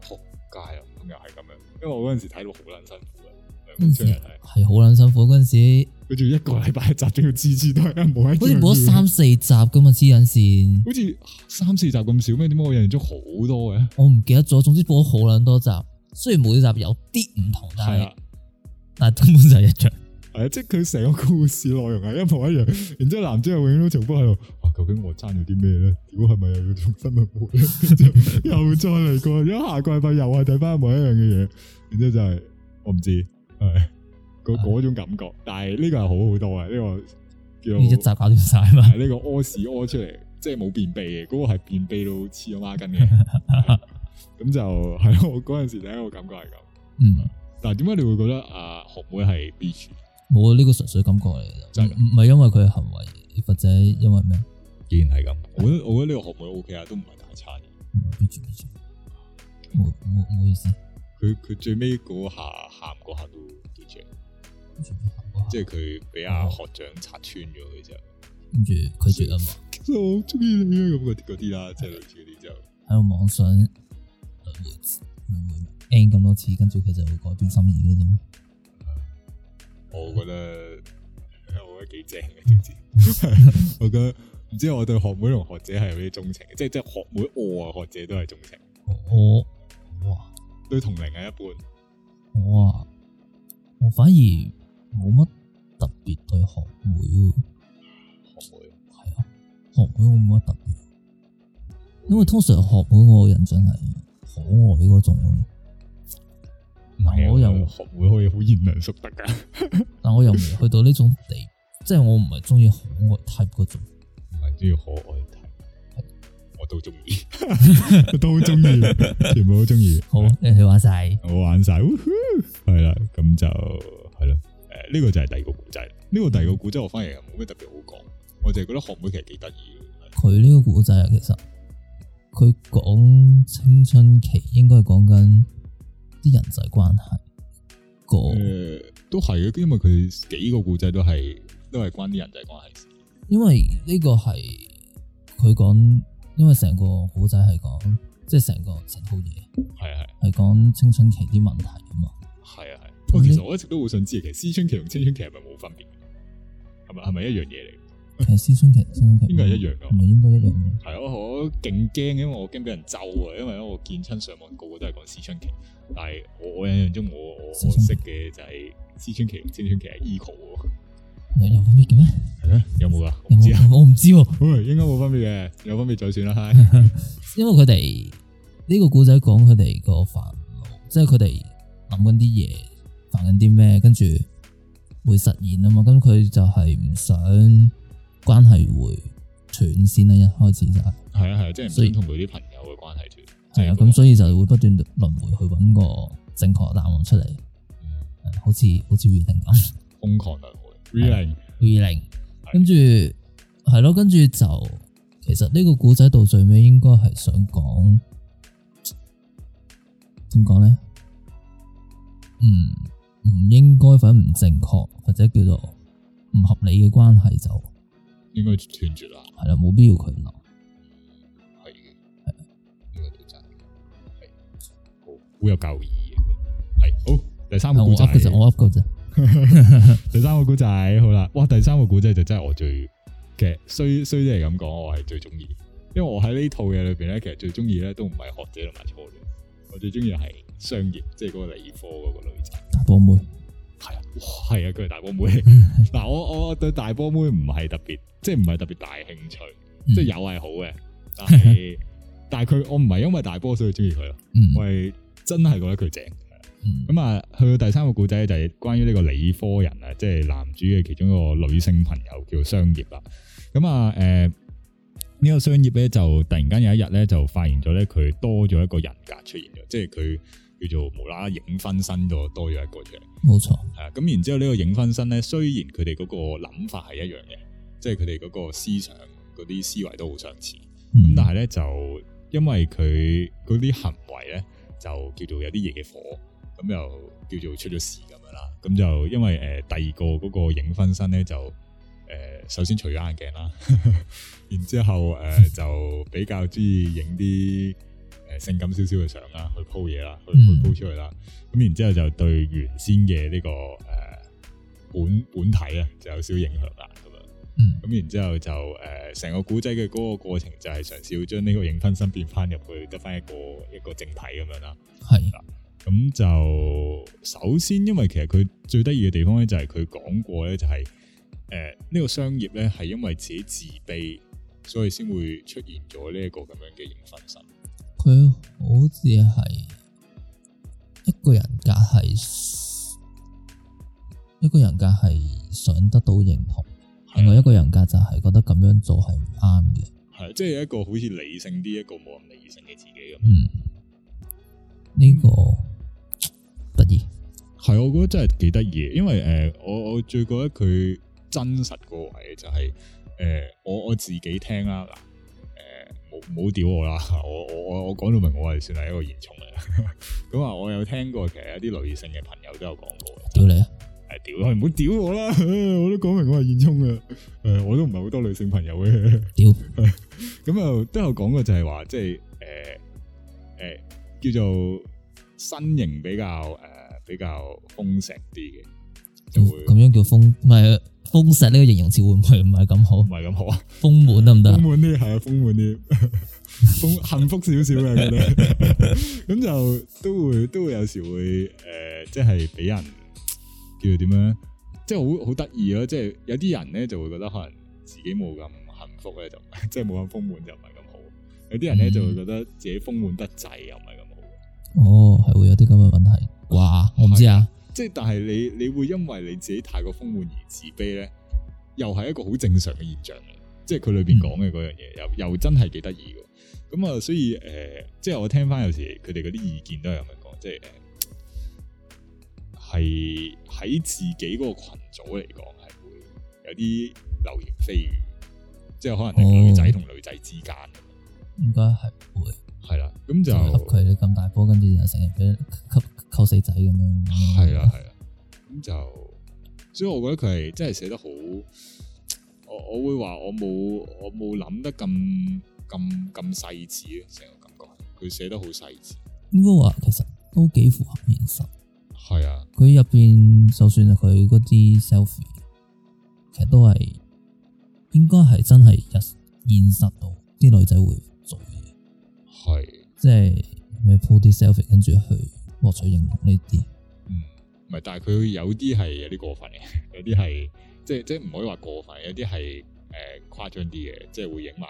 仆街啊，又係咁樣，因為我嗰陣時睇到好撚辛苦嘅，嗰陣時係好撚辛苦嗰陣時。佢仲要一個禮拜一集，要都要次次都係一模一樣，好似播咗三四集咁啊！黐緊線，好似三四集咁少咩？點解我印象中好多嘅？我唔記得咗，總之播咗好兩多集。雖然每集有啲唔同，但係、啊、但係根本就係一樣。係啊，即係佢成個故事內容係一模一樣。然之後男主又永遠都重複喺度。究竟我爭咗啲咩咧？如果係咪又要重新去播？跟住 又再嚟過，一下個禮拜又係睇翻一模一樣嘅嘢。然之後就係、是、 我唔知係。嗰嗰種感覺，但係呢個係好好多啊！呢個叫一集搞掂晒嘛？呢個屙屎屙出嚟，即係冇便秘嘅，嗰個係便秘到黐咗孖筋嘅，咁就係咯，我嗰陣時第一個感覺係咁。嗯，但係點解你會覺得阿學妹係 B？冇呢個純粹感覺嚟，就唔係因為佢嘅行為，或者因為咩？既然係咁，我我我覺得呢個學妹 O K 啊，都唔係太差嘅。B？唔好唔好意思，佢佢最尾嗰下喊嗰下都 B。即係佢畀阿學長拆穿咗、嗯喲，佢，就跟住佢住得嘛，其實我好中意你啊，咁嗰啲嗰啦，即係 Okay. 類似嗰啲就喺度網上來回來回 n 咁多次，跟住佢就改變心意嗰啫，我覺得我覺得幾正嘅，點、呃、知？我覺得唔 知我對學妹同學姐係有咩鍾情，即係即係學，學妹我啊，學姐都係鍾情我哇，我對同齡係一半。我啊，我反而。 冇乜特別對學妹，學妹會係啊，學妹我冇乜特別，會因為通常學妹個人真係可愛嗰種咯。唔係，我又學妹可以好賢良淑德噶，但我又未去到呢種地，即係 我唔係鍾意可愛 type 嗰種，唔係鍾意可愛 type， 我都鍾意， 都鍾意，全部都鍾意。好，你去玩晒，我玩晒，係啦，咁就係啦。呢個就係第二個古仔，呢、這個第二個古仔我反而冇咩特別好講，我就係覺得學妹其實幾得意。佢呢個古仔啊，其實佢講青春期應該係講緊啲人際關係。個、呃、都係嘅，因為佢幾個古仔都係都係關啲人際關係。因為呢個係佢講，因為成個古仔係講，即係成個成套嘢，係係，係的的講青春期啲問題啊嘛，係啊係。我其實我一直都好想知，其實思春期同青春期係咪冇分別？係咪係咪一樣嘢嚟？其實思春期同青春期？應該係一樣噶，咪應該一樣嘅係啊。我勁驚，因為我驚俾人咒啊。因為我見親上網個個都係講思春期，但係我我印象中，我我識嘅就係思春期同青春期係 equal 嘅。有分別嘅咩？係咩？有冇啊？我唔知啊，我唔知。誒，應該冇分別嘅，有分別再算啦。Hi、 因為佢哋呢個古仔講佢哋個煩惱，即係佢哋諗緊啲嘢。煩緊啲咩，跟住會實現啊嘛，咁佢就係唔想關係會斷先啦，一開始就係，係啊係啊，即係唔想同佢啲朋友嘅關係斷，係啊，咁所以就會不斷輪迴去揾個正確嘅答案出嚟，嗯，好似好似 reading 咁，瘋狂輪回，reading reading，跟住係咯，跟住就其實呢個古仔到最尾應該係想講，點講咧，嗯。唔應該反唔正確或者叫做唔合理嘅關係，就應該斷絕啦。係啦，冇必要佢咯。係嘅。係嘅，呢個古仔係好有教義嘅。係好，第三個古仔其實我噏過咋？第三個古仔好啦，哇，第三個古仔就真係我最嘅衰衰啲嚟咁講，我係最中意，因為我喺呢套嘢裏邊咧，其實最中意咧都唔係學者同埋錯者。最中意係商業，即係嗰個理科嗰個女仔，大波妹係啊，哇，係啊，佢係大波妹。嗱、啊，啊、 我我對大波妹唔係特別，即係唔係特別大興趣，嗯、即係有係好嘅，但係 但係佢，我唔係因為大波所以中意佢咯，嗯、我係真係覺得佢正。咁啊、嗯，去到第三個故仔就係關於呢個理科人啊，即、就、係、是、男主嘅其中一個女性朋友叫商業啦。咁啊，誒、呃。呢個商業咧，就突然間有一日咧，就發現咗咧，佢多咗一個人格出現咗，即係佢叫做無啦啦影分身咗多咗一個出嚟。冇錯錯，係啊。咁然之後呢個影分身咧，雖然佢哋嗰個諗法係一樣嘅，即係佢哋嗰個思想嗰啲思維都好相似。咁、嗯、但係咧，就因為佢嗰啲行為咧，就叫做有啲嘢嘅火，咁又叫做出咗事咁樣啦。咁就因為誒、呃、第二個嗰個影分身咧，就誒、呃、首先除咗眼鏡啦。 然之後誒、呃，就比較中意影啲誒性感少少嘅相啦，去鋪嘢啦，去、嗯、去鋪出去啦。咁然之後就對原先嘅呢、這個誒、呃、本本體咧就有少少影響啦。咁樣，咁、嗯、然之後就誒成、呃、個古仔嘅嗰個過程就係嘗試要將呢個影分身變翻入去得翻一個一個正體咁樣啦。係啦是，咁就首先因為其實佢最得意嘅地方咧就係佢講過咧就係誒呢個商業咧係因為自己自卑。所以先會出現咗呢一個咁樣嘅影分身。佢好似係一個人格係一個人格係想得到認同，的另外一個人格就係覺得咁樣做係唔啱嘅。係，即係一個好似理性啲，一個冇咁理性嘅自己咁。嗯，呢、這個得意，係我覺得真係幾得意，因為誒，我、呃、我最覺得佢真實個位就係、是。誒、呃，我我自己聽啦，嗱、呃，誒，冇冇屌我啦，我我我我講到明，我係算係一個現充嘅，咁 啊、嗯，我有聽過其實一啲女性嘅朋友都有講過，屌你啊，係屌，唔好屌我啦，我都講明我係現充嘅，誒，我都唔係好多女性朋友嘅，屌吵，咁啊、 嗯呃、都有講過就係話，即係誒誒，叫做身形比較誒、呃、比較豐盛啲嘅，就會咁樣叫豐唔係。封神呢個形容詞會唔會唔係咁好？唔係咁好啊？豐滿得唔得？豐滿啲係啊，豐滿啲，豐 幸福少少得。咁 就都會都會有時會誒、呃，即係俾人叫做點樣？即係好好得意咯！即係有啲、就是、人咧就會覺得可能自己冇咁幸福咧，就即係冇咁豐滿，就唔係咁好。有啲人咧就會覺得自己豐滿得滯又唔係咁好。哦，係會有啲咁嘅問題哇？我唔知啊。即係，但係你你會因為你自己太過豐滿而自卑咧，又係一個好正常嘅現象。即係佢裏邊講嘅嗰樣嘢，嗯，又又真係幾得意嘅。咁啊，所以誒，呃，即係我聽翻有時佢哋嗰啲意見都係咁樣講，即係誒，係，呃、喺自己嗰個群組嚟講，係會有啲流言蜚語，即係可能係女仔同女仔之間，哦，應該係會。係啦，咁就合佢哋咁大波，跟住就成日畀俾吸吸死仔咁樣。係啦，係啦，咁、嗯、的就所以，我覺得佢係真係寫得好。我我會話我冇我冇諗得咁咁咁細致啊，成個感覺佢寫得好細致。應該話其實都幾符合現實。係啊的，佢入邊就算係佢嗰啲 selfie，其實都係應該係真係日現實度啲女仔會。係，是即係咩鋪啲 selfie，跟住去獲取認同呢啲，嗯，唔係，嗯，但係佢有啲係有啲過分嘅，有啲係、嗯、即係即係唔可以話過分，有啲係誒誇張啲嘅，即係會影埋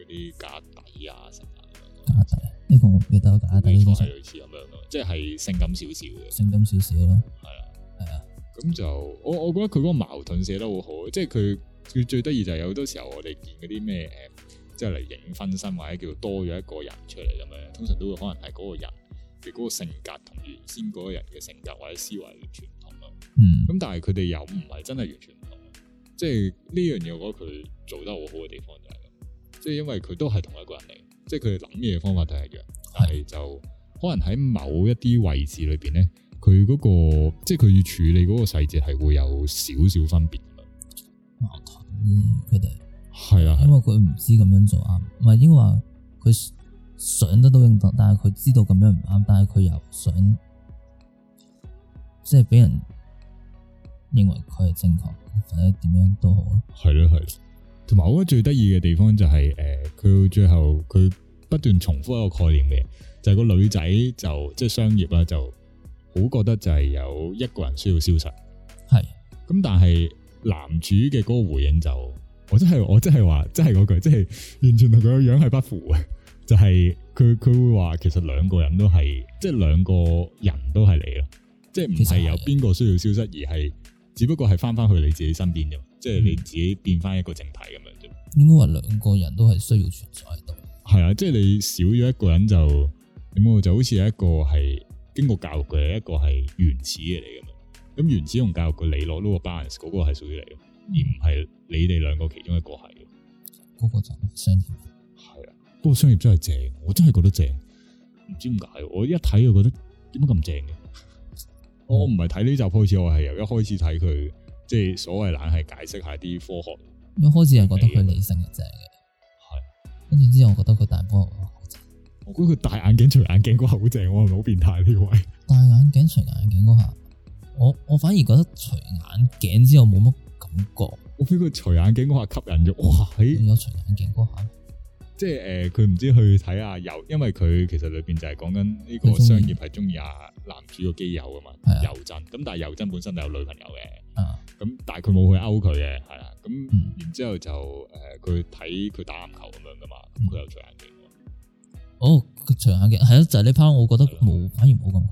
誒嗰啲假底啊，咁樣假底，呢個記得假底，類似咁樣咯，即係性感少少嘅，性感少少咯，係啦，係啊，咁就我我覺得佢嗰個矛盾寫得好好，即係佢佢最得意就係好多時候我哋見嗰啲咩誒。即係嚟影分身或者叫多咗一個人出嚟咁樣，通常都會可能係嗰個人嘅嗰個性格同原先嗰個人嘅性格或者思維、嗯、完全唔同咯。嗯，咁但係佢哋又唔係真係完全唔同，即係呢樣嘢，我覺得佢做得好好嘅地方就係、是、咁，即係因為佢都係同一個人嚟，即係佢哋諗嘢嘅方法都係一樣，但係就可能喺某一啲位置裏邊咧，佢嗰、個即係佢要處理嗰個細節係會有少少分別。啊，佢哋。係啊，因為佢唔知咁樣做啱，唔係的應該話佢想得到認同，但係佢知道咁樣唔啱，但係佢又想即係畀人認為佢係正確，或者點樣都好咯。係咯，係咯。同埋，我覺得最得意嘅地方就係、是、誒，佢、呃、最後佢不斷重複一個概念嘅，就係、是、個女仔就即係、就是、商業啦，就好覺得就係有一個人需要消失。係咁的，但係男主嘅嗰個回應就。我真係我真係話，即係嗰句，即係完全同佢個樣係不符嘅。就係佢佢會話，其實兩個人都係，即係兩個人都係你咯。即係唔係有邊個需要消失，而係只不過係翻翻去你自己身邊啫。即係你自己變翻一個整體咁樣啫。嗯、應該話兩個人都係需要存在喺度。係啊，即係你少咗一個人就點啊？就好似一個係經過教育嘅，一個係原始嘅嚟咁。咁原始同教育嘅，那個，你攞嗰個 balance，嗰個係屬於你咯。而唔係你哋兩個其中一個係嗰個就商業係啊。不過商業真係正，我真係覺得正。唔知點解，我一睇就覺得點解咁正嘅。嗯、我唔係睇呢集開始，我係由一開始睇佢，即係所謂懶係解釋下啲科學。一開始係覺得佢理性嘅正嘅，係跟住之後，我覺得佢大波好正，正。我估佢戴眼鏡除眼鏡嗰下好正，我係咪好變態呢位戴眼鏡除眼鏡嗰下，我我反而覺得除眼鏡之後冇乜。覺我 feel 佢除眼鏡嗰下吸引咗，哇！咦，有除眼鏡嗰下，即係誒，佢、呃、唔知去睇阿尤，因為佢其實裡邊就係講緊呢個商業係中意阿男主個基友噶嘛，尤真咁，但係尤真本身就有女朋友嘅，咁、啊、但係佢冇去勾佢嘅，係啦，咁、嗯、然之後就誒，佢睇佢打籃球咁樣噶嘛，咁佢、嗯、有除眼鏡，哦，佢除眼鏡係啊，就係呢 part，我覺得冇的反而冇咁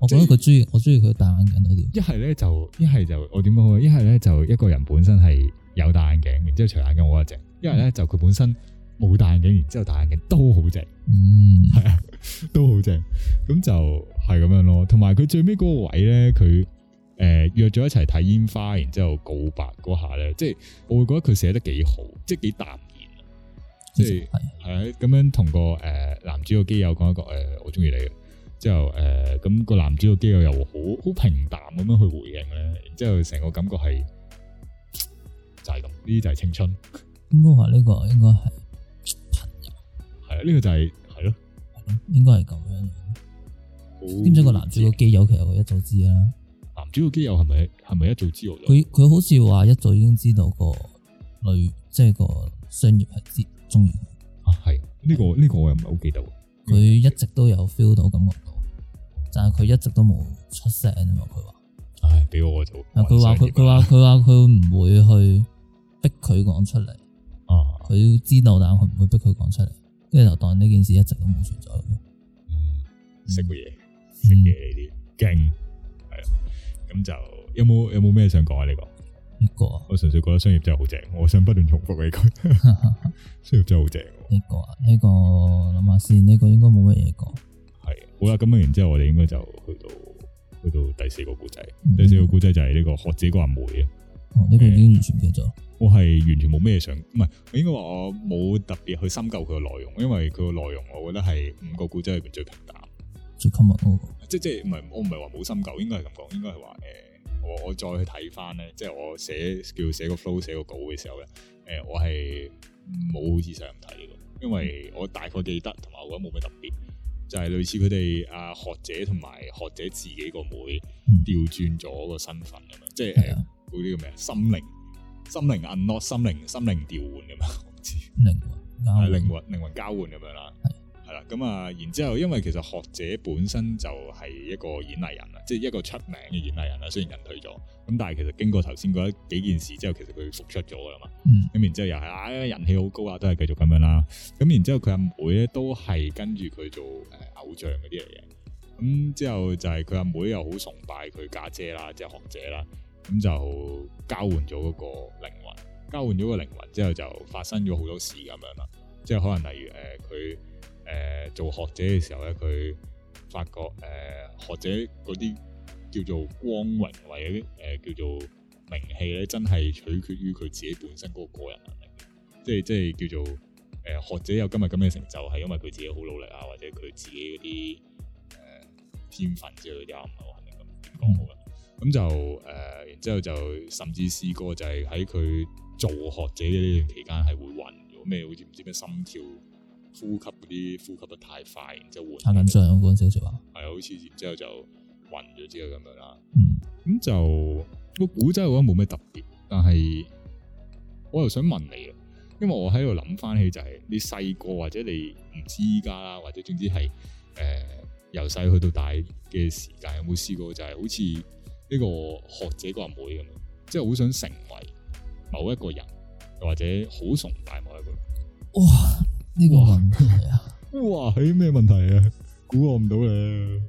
我覺得佢中意我中意佢戴眼鏡嗰啲，一係咧就一係就我點講好？一係咧就一個人本身係有戴眼鏡，然之後除眼鏡好正，一係咧就佢本身冇戴眼鏡，然之後戴眼鏡都好正。嗯，係啊，都好正。咁就係咁樣咯。同埋佢最尾嗰個位咧，佢誒、呃、約咗一齊睇煙花，然之後告白嗰下咧，即、就、係、是、我會覺得佢寫得幾好，即係幾淡然，即係係啊，咁樣同個誒、呃、男主角基友講一個誒、呃，我中意你嘅。之後誒，咁、呃個男主角基友又好好平淡咁樣去回應咧，然之後成個感覺係就係、係、咁，呢啲就係青春。應該話呢個應該係朋友，係啊，呢、呢個就係係咯，係咯，應該係咁樣。點知棒個男主角基友其實我一早知啦？男主角基友係咪係咪一早知我？佢佢好似話一早已經知道個女，即係個商業係知中意佢啊？係呢、呢個呢、嗯、個我又唔係好記得。佢一直都有 feel 到咁。但係佢一直都冇出聲啊嘛，佢話，唉、哎，畀我就。佢話佢佢話佢話佢唔會去逼佢講出嚟啊，佢知道，但係佢唔會逼佢講出嚟，跟住就當呢件事一直都冇存在咁樣。嗯，識乜嘢？商業呢啲驚，係啊，咁就有冇有冇咩想講啊？呢個，呢個，我純粹覺得商業真係好正，我想不斷重複呢句，呢個、 商業真係好正。呢個呢、啊呢個諗、呢個、下先，呢、呢個應該冇乜嘢講。好啦，咁樣，然之後我哋應該就去到去到第四個古仔，mm hmm。第四個古仔就係呢、這個學姐個阿妹啊。哦，呢、這個已經完全結咗、呃。我係完全冇咩想，唔係，我應該話我冇特別去深究佢嘅內容，因為佢個內容，我覺得係五個古仔裏邊最平淡。最 common，哦，即係即係，唔係我唔係話冇深究，應該係咁講，應該係話誒，我、呃、我再去睇翻咧，即係我寫叫寫個 flow 寫個稿嘅時候咧，誒、呃，我係冇好似想睇呢咯，因為我大概記得，同埋我覺得冇咩特別。就係類似佢哋阿學者同埋學者自己個妹調、嗯、轉咗個身份啊嘛，嗯、即係係嗰啲叫咩啊？心靈、心靈、unlock 心靈、心靈調換咁啊，靈魂、靈魂、靈魂交換咁樣啦。咁啊，嗯、然之後，因為其實學姐本身就係一個演藝人啦，即係一個出名嘅演藝人啦。雖然人退咗，咁但係其實經過頭先嗰幾件事之後，其實佢復出咗噶啦嘛。咁、嗯、然之後又係啊，人氣好高啊，都係繼續咁樣啦。咁然之後佢阿妹咧都係跟住佢做、呃、偶像嗰啲嚟嘅。咁之後就係佢阿妹又好崇拜佢家姐啦，即係學姐啦。咁就交換咗嗰個靈魂，交換咗個靈魂之後就發生咗好多事咁樣啦。即係可能例如誒佢。呃誒、呃，做學者嘅時候咧，佢發覺誒、呃，學者嗰啲叫做光榮或者啲誒叫做名氣咧，真係取決於佢自己本身嗰個個人能力。即係即係叫做誒、呃，學者有今日咁嘅成就，係因為佢自己好努力啊，或者佢自己嗰啲誒天分之類啲，啱唔係話肯定咁講好啦。咁、嗯、就誒、呃，然之後就甚至試過就係喺佢做學者呢段期間係會暈咗咩，好似唔知咩心跳。呼吸嗰啲呼吸得太快，然之後換差緊上嗰陣時啊，係好似然之後，後就暈咗之後咁樣啦。嗯，咁就個古仔我覺得冇咩特別，但係我又想問你啦，因為我喺度諗翻起就係、是、你細個或者你唔知依家啦，或者總之係誒、呃、由細去到大嘅時間，有冇試過就係好似呢個學者個阿妹咁，即係好想成為某一個人，或者好崇拜某一個人哇？呢個問題啊，哇，係咩問題啊？估我唔到咧。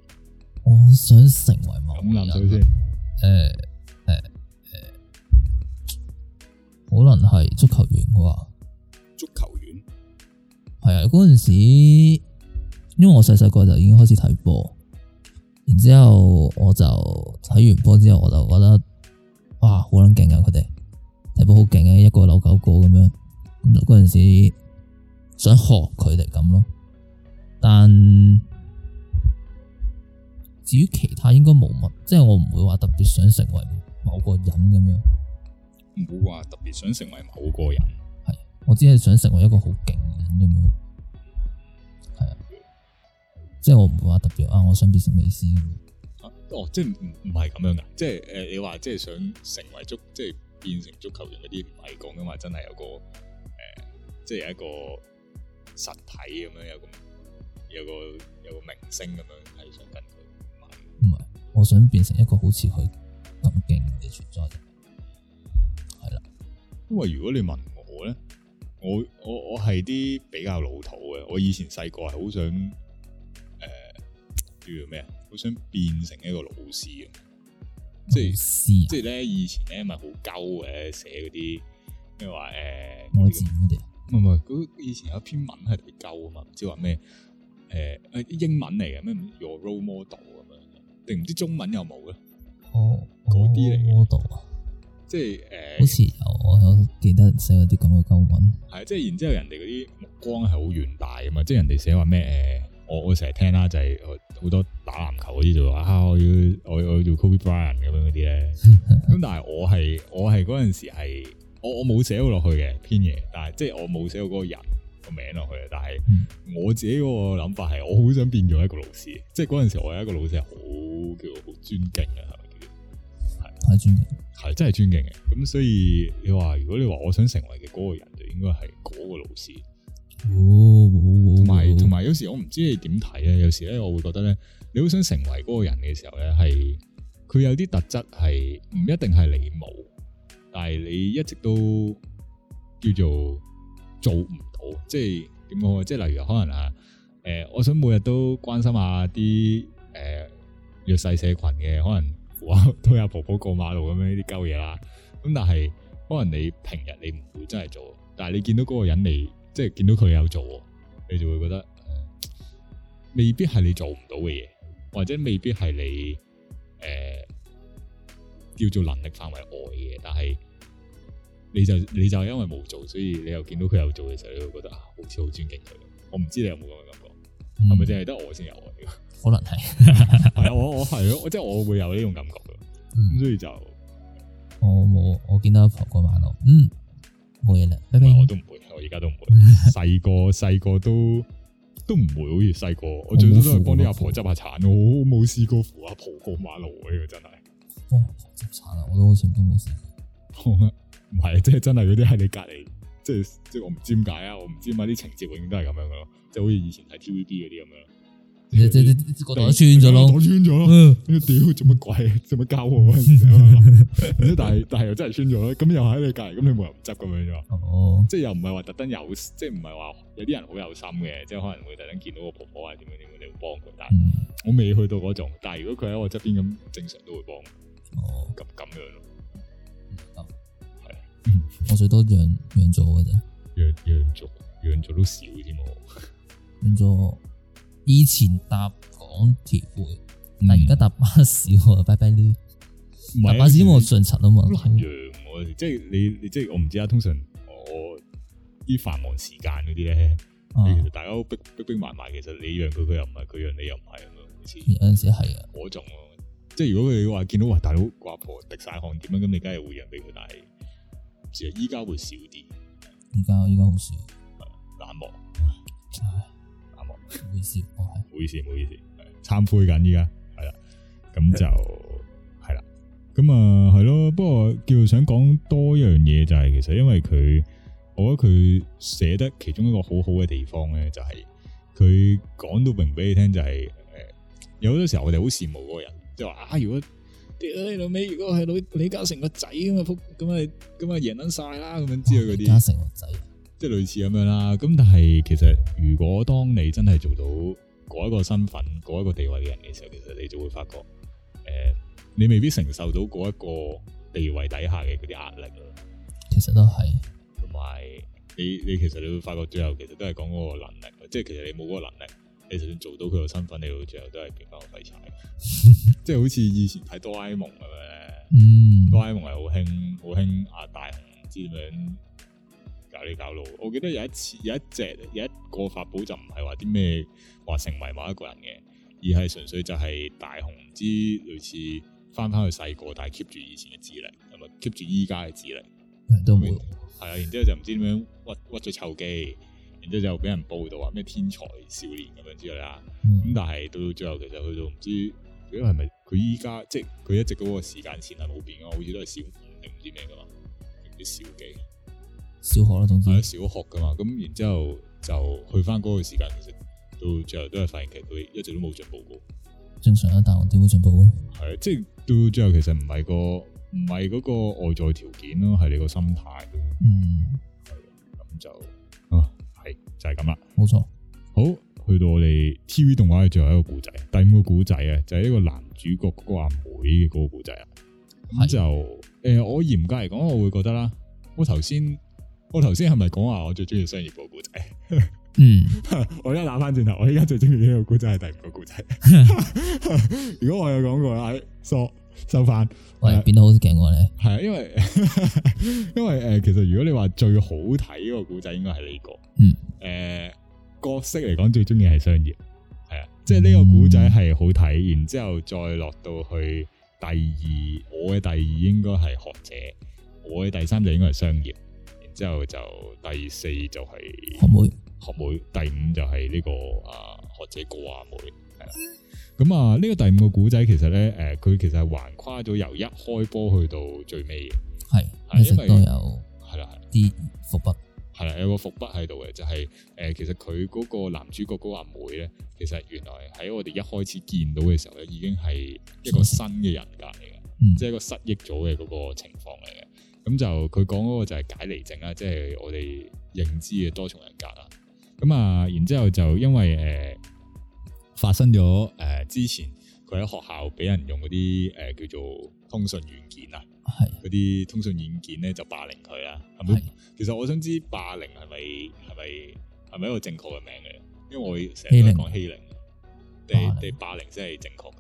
我想成為某人，欸欸欸欸，可能係足球員啩？足球員係啊。嗰陣時，因為我細細個就已經開始睇波，然之後我就睇完波之後，我就覺得哇，好撚勁啊！佢哋踢波好勁啊，一個扭九個咁樣咁。嗰陣時。想學佢哋咁咯，但至於其他應該冇乜，即係我唔會話特別想成為某個人咁樣，唔會話特別想成為某個人，係我只係想成為一個好勁嘅人咁樣，係啊，即係我唔會話特別啊，我想變成律師咁樣、啊，哦，即係唔唔係咁樣噶、啊，即係誒、呃，你話即係想成為足，即係變成足球員嗰啲唔係講噶嘛，真係有個誒、呃，即係有一個。實體咁樣，有個有個有個明星咁樣，係想跟佢唔係，我想變成一個好似佢咁勁嘅存在啫。係啦，因為如果你問我咧，我我我係啲比較老土嘅，我以前細個係好想誒叫做咩啊，好、呃、想變成一個老師咁、啊，即係即係咧以前咧咪好鳩嘅寫嗰啲咩話誒。唔係唔以前有一篇文係特別舊啊嘛，唔知話咩誒英文嚟嘅咩，your role model 咁樣定唔知中文有冇嘅？哦、oh,，嗰啲、oh, model 啊、呃，即係誒，好似有我有記得寫嗰啲咁嘅舊文，係即係然之後人哋嗰啲目光係好遠大啊嘛，即係人哋寫話咩誒，我我成日聽啦，就係、是、好多打籃球嗰啲就話啊，我要我要我要,我要做 Kobe Bryant 咁樣嗰啲咧，咁 但係我係我係嗰陣時係。我我冇寫到落去嘅，編嘢，但係即係我冇寫到嗰個人個名落去啊！但係我自己嗰個諗法係，我好想變咗一個老師，嗯、即係嗰陣時我係一個老師係好叫好尊敬嘅，係咪叫？係，係尊敬，係真係尊敬嘅。咁所以你話，如果你話我想成為嘅嗰個人，就應該係嗰個老師。哦，同埋同埋，有時我唔知你點睇咧，有時咧我會覺得咧，你好想成為嗰個人嘅時候咧，係佢有啲特質係唔一定係你冇。但係你一直都叫做做唔到，即係點講？即係例如可能啊，誒、呃，我想每日都關心下啲誒、呃、弱勢社群嘅，可能哇都有婆婆過馬路咁樣呢啲鳩嘢啦。咁但係可能你平日你唔會真係做，但係你見到嗰個人嚟，即係見到佢有做，你就會覺得誒、呃，未必係你做唔到嘅嘢，或者未必係你誒。呃叫做能力範圍外嘅，但係你就你就因為冇做，所以你又見到佢有做嘅時候，你會覺得啊，好似好尊敬佢。我唔知你有冇咁嘅感覺，係咪淨係得我先有我？可能係 ，係我我係咯，即係我會有呢種感覺咯。咁、嗯、所以就我冇，我見到阿婆過馬路，嗯，冇嘢啦，拜拜。我都唔會，我而家都唔會。細個細個都都唔會，好似細個，我，我最多都係幫啲阿婆執下鏟，我冇試過扶阿婆過馬路呢嘅，呢個、真係。瘋狂執產啊！我都好似都冇事。唔係，即係真係嗰啲喺你隔籬，即係即係我唔知點解啊！我唔知咪啲情節永遠都係咁樣咯，即係好似以前睇 TVB 嗰啲咁樣。即即即係穿咗咯，穿咗。嗯，屌，做乜鬼？做乜鳩？但係但係又真係穿咗咯，咁又喺你隔籬，咁你冇人唔執咁樣啫。即係又唔係話特登有，即係唔係話有啲人好有心嘅，即係可能會特登見到個婆婆啊，點樣點樣你會幫佢。但係我未去到嗰種，但係如果佢喺我側邊咁，正常都會幫。哦，咁咁樣咯，係，我最多讓讓座嘅啫，讓讓座，讓座都少添喎，讓座，以前搭港鐵會，唔係而家搭巴士我拜拜你，搭巴士我上層啊嘛，難讓我，即係、嗯啊、你你即係我唔知啊，通常我啲繁忙時間嗰啲咧，其實大家都逼逼逼埋埋，其實你讓佢佢又唔係，佢讓你又唔係咁樣，有陣時係啊，我仲。即係如果佢話見到哇大佬，個阿婆滴晒汗點樣咁，你梗係會讓畀佢。但係其實依家會少啲，依家依家好少，冷漠，冷漠。唔好意思，唔好意思，唔好意思，懺是悔緊依家係啦。咁就係啦。咁啊係咯，不過叫想講多一樣嘢就係、是，其實因為佢，我覺得佢寫得其中一個好好嘅地方咧，就係佢講到明俾你聽，就係、是、誒，有好多時候我哋好羨慕嗰個人。就話啊，如果屌你老味，如果係李、哦、李嘉誠個仔咁啊扑咁啊咁啊贏撚晒啦，咁樣之類嗰啲。嘉誠個仔，即係類似咁樣啦。咁但係其實如果當你真係做到嗰一個身份、嗰一個地位嘅人嘅時候，其實你就會發覺，誒、呃，你未必承受到嗰一個地位底下嘅嗰啲壓力咯。其實都係。同埋，你你其實你會發覺，最後其實都係講嗰個能力，即係其實你冇嗰個能力。就是你就算做到佢個身份，你到最後都係變翻個廢柴， 即好似以前睇哆啦 A 夢咁樣咧。哆啦、嗯、A 夢係好興，好興阿大雄唔知點樣搞呢搞路。我記得有一次，有一隻有一個法寶就唔係話啲咩話成為某一個人嘅，而係純粹就係大雄唔知類似翻翻去細個，但係 keep 住以前嘅智力，咁啊 keep 住依家嘅智力都冇。係啊，然之後就唔知點樣屈屈咗臭機。然之後就俾人報道話咩天才少年咁樣之類啦，咁、嗯、但係到最後其實去到唔知，如果係咪佢依家即係佢一直嗰個時間線係冇變啊，好似都係小五定唔知咩噶嘛，唔知小幾，小學啦，總之係小學噶嘛。咁然之後就去翻嗰個時間，其實到最後都係發現其實佢一直都冇進步過。正常啦、啊，大浪點會進步嘅。係，即係到最後其實唔係個唔係個外在條件咯，係你個心態。嗯，係咁就。就係咁啦，冇錯錯。好，去到我哋 TV 動畫嘅最後一個故仔，第五個故仔啊，就係、是、一個男主角嗰個阿妹嘅嗰個故仔啊。嗎就誒、呃，我嚴格嚟講，我會覺得啦。我頭先，我頭先係咪講話我最中意商業部故仔？嗯， 我而家打翻轉頭，我而家最中意呢個故仔係第五個故仔。 如果我有講過啦，嗦。收翻，我係喂、呃、變得好勁喎！你係啊，因為 因為誒、呃，其實如果你話最好睇嗰個古仔，應該係呢個。嗯、誒、呃，角色嚟講最中意係商業，係啊，即係呢個古仔係好睇。嗯、然之後再落到去第二，我嘅第二應該係學者，我嘅第三就應該係商業。然之後就第四就係學妹，學妹，第五就係呢、這個啊學者過阿妹。啊。咁啊，呢個第五個故仔其實咧，誒、呃，佢其實係橫跨咗由一開波去到最尾嘅，係係的的因為有係啦，係啲伏筆，係啦的，有個伏筆喺度嘅，就係、是、誒、呃，其實佢嗰個男主角嗰阿妹咧，其實原來喺我哋一開始見到嘅時候咧，已經係一個新嘅人格嚟嘅，即係以一個失憶咗嘅嗰個情況嚟嘅。咁、嗯、就佢講嗰個就係解離症啦，即、就、係、是、我哋認知嘅多重人格啦。咁啊，然之後就因為誒。呃發生咗誒、呃，之前佢喺學校畀人用嗰啲誒叫做通訊軟件啊，係嗰啲通訊軟件咧就霸凌佢啦。係咪？的其實我想知霸凌係咪係咪係咪一個正確嘅名嚟？因為我成日都講欺凌，你你霸凌先係正確嘅。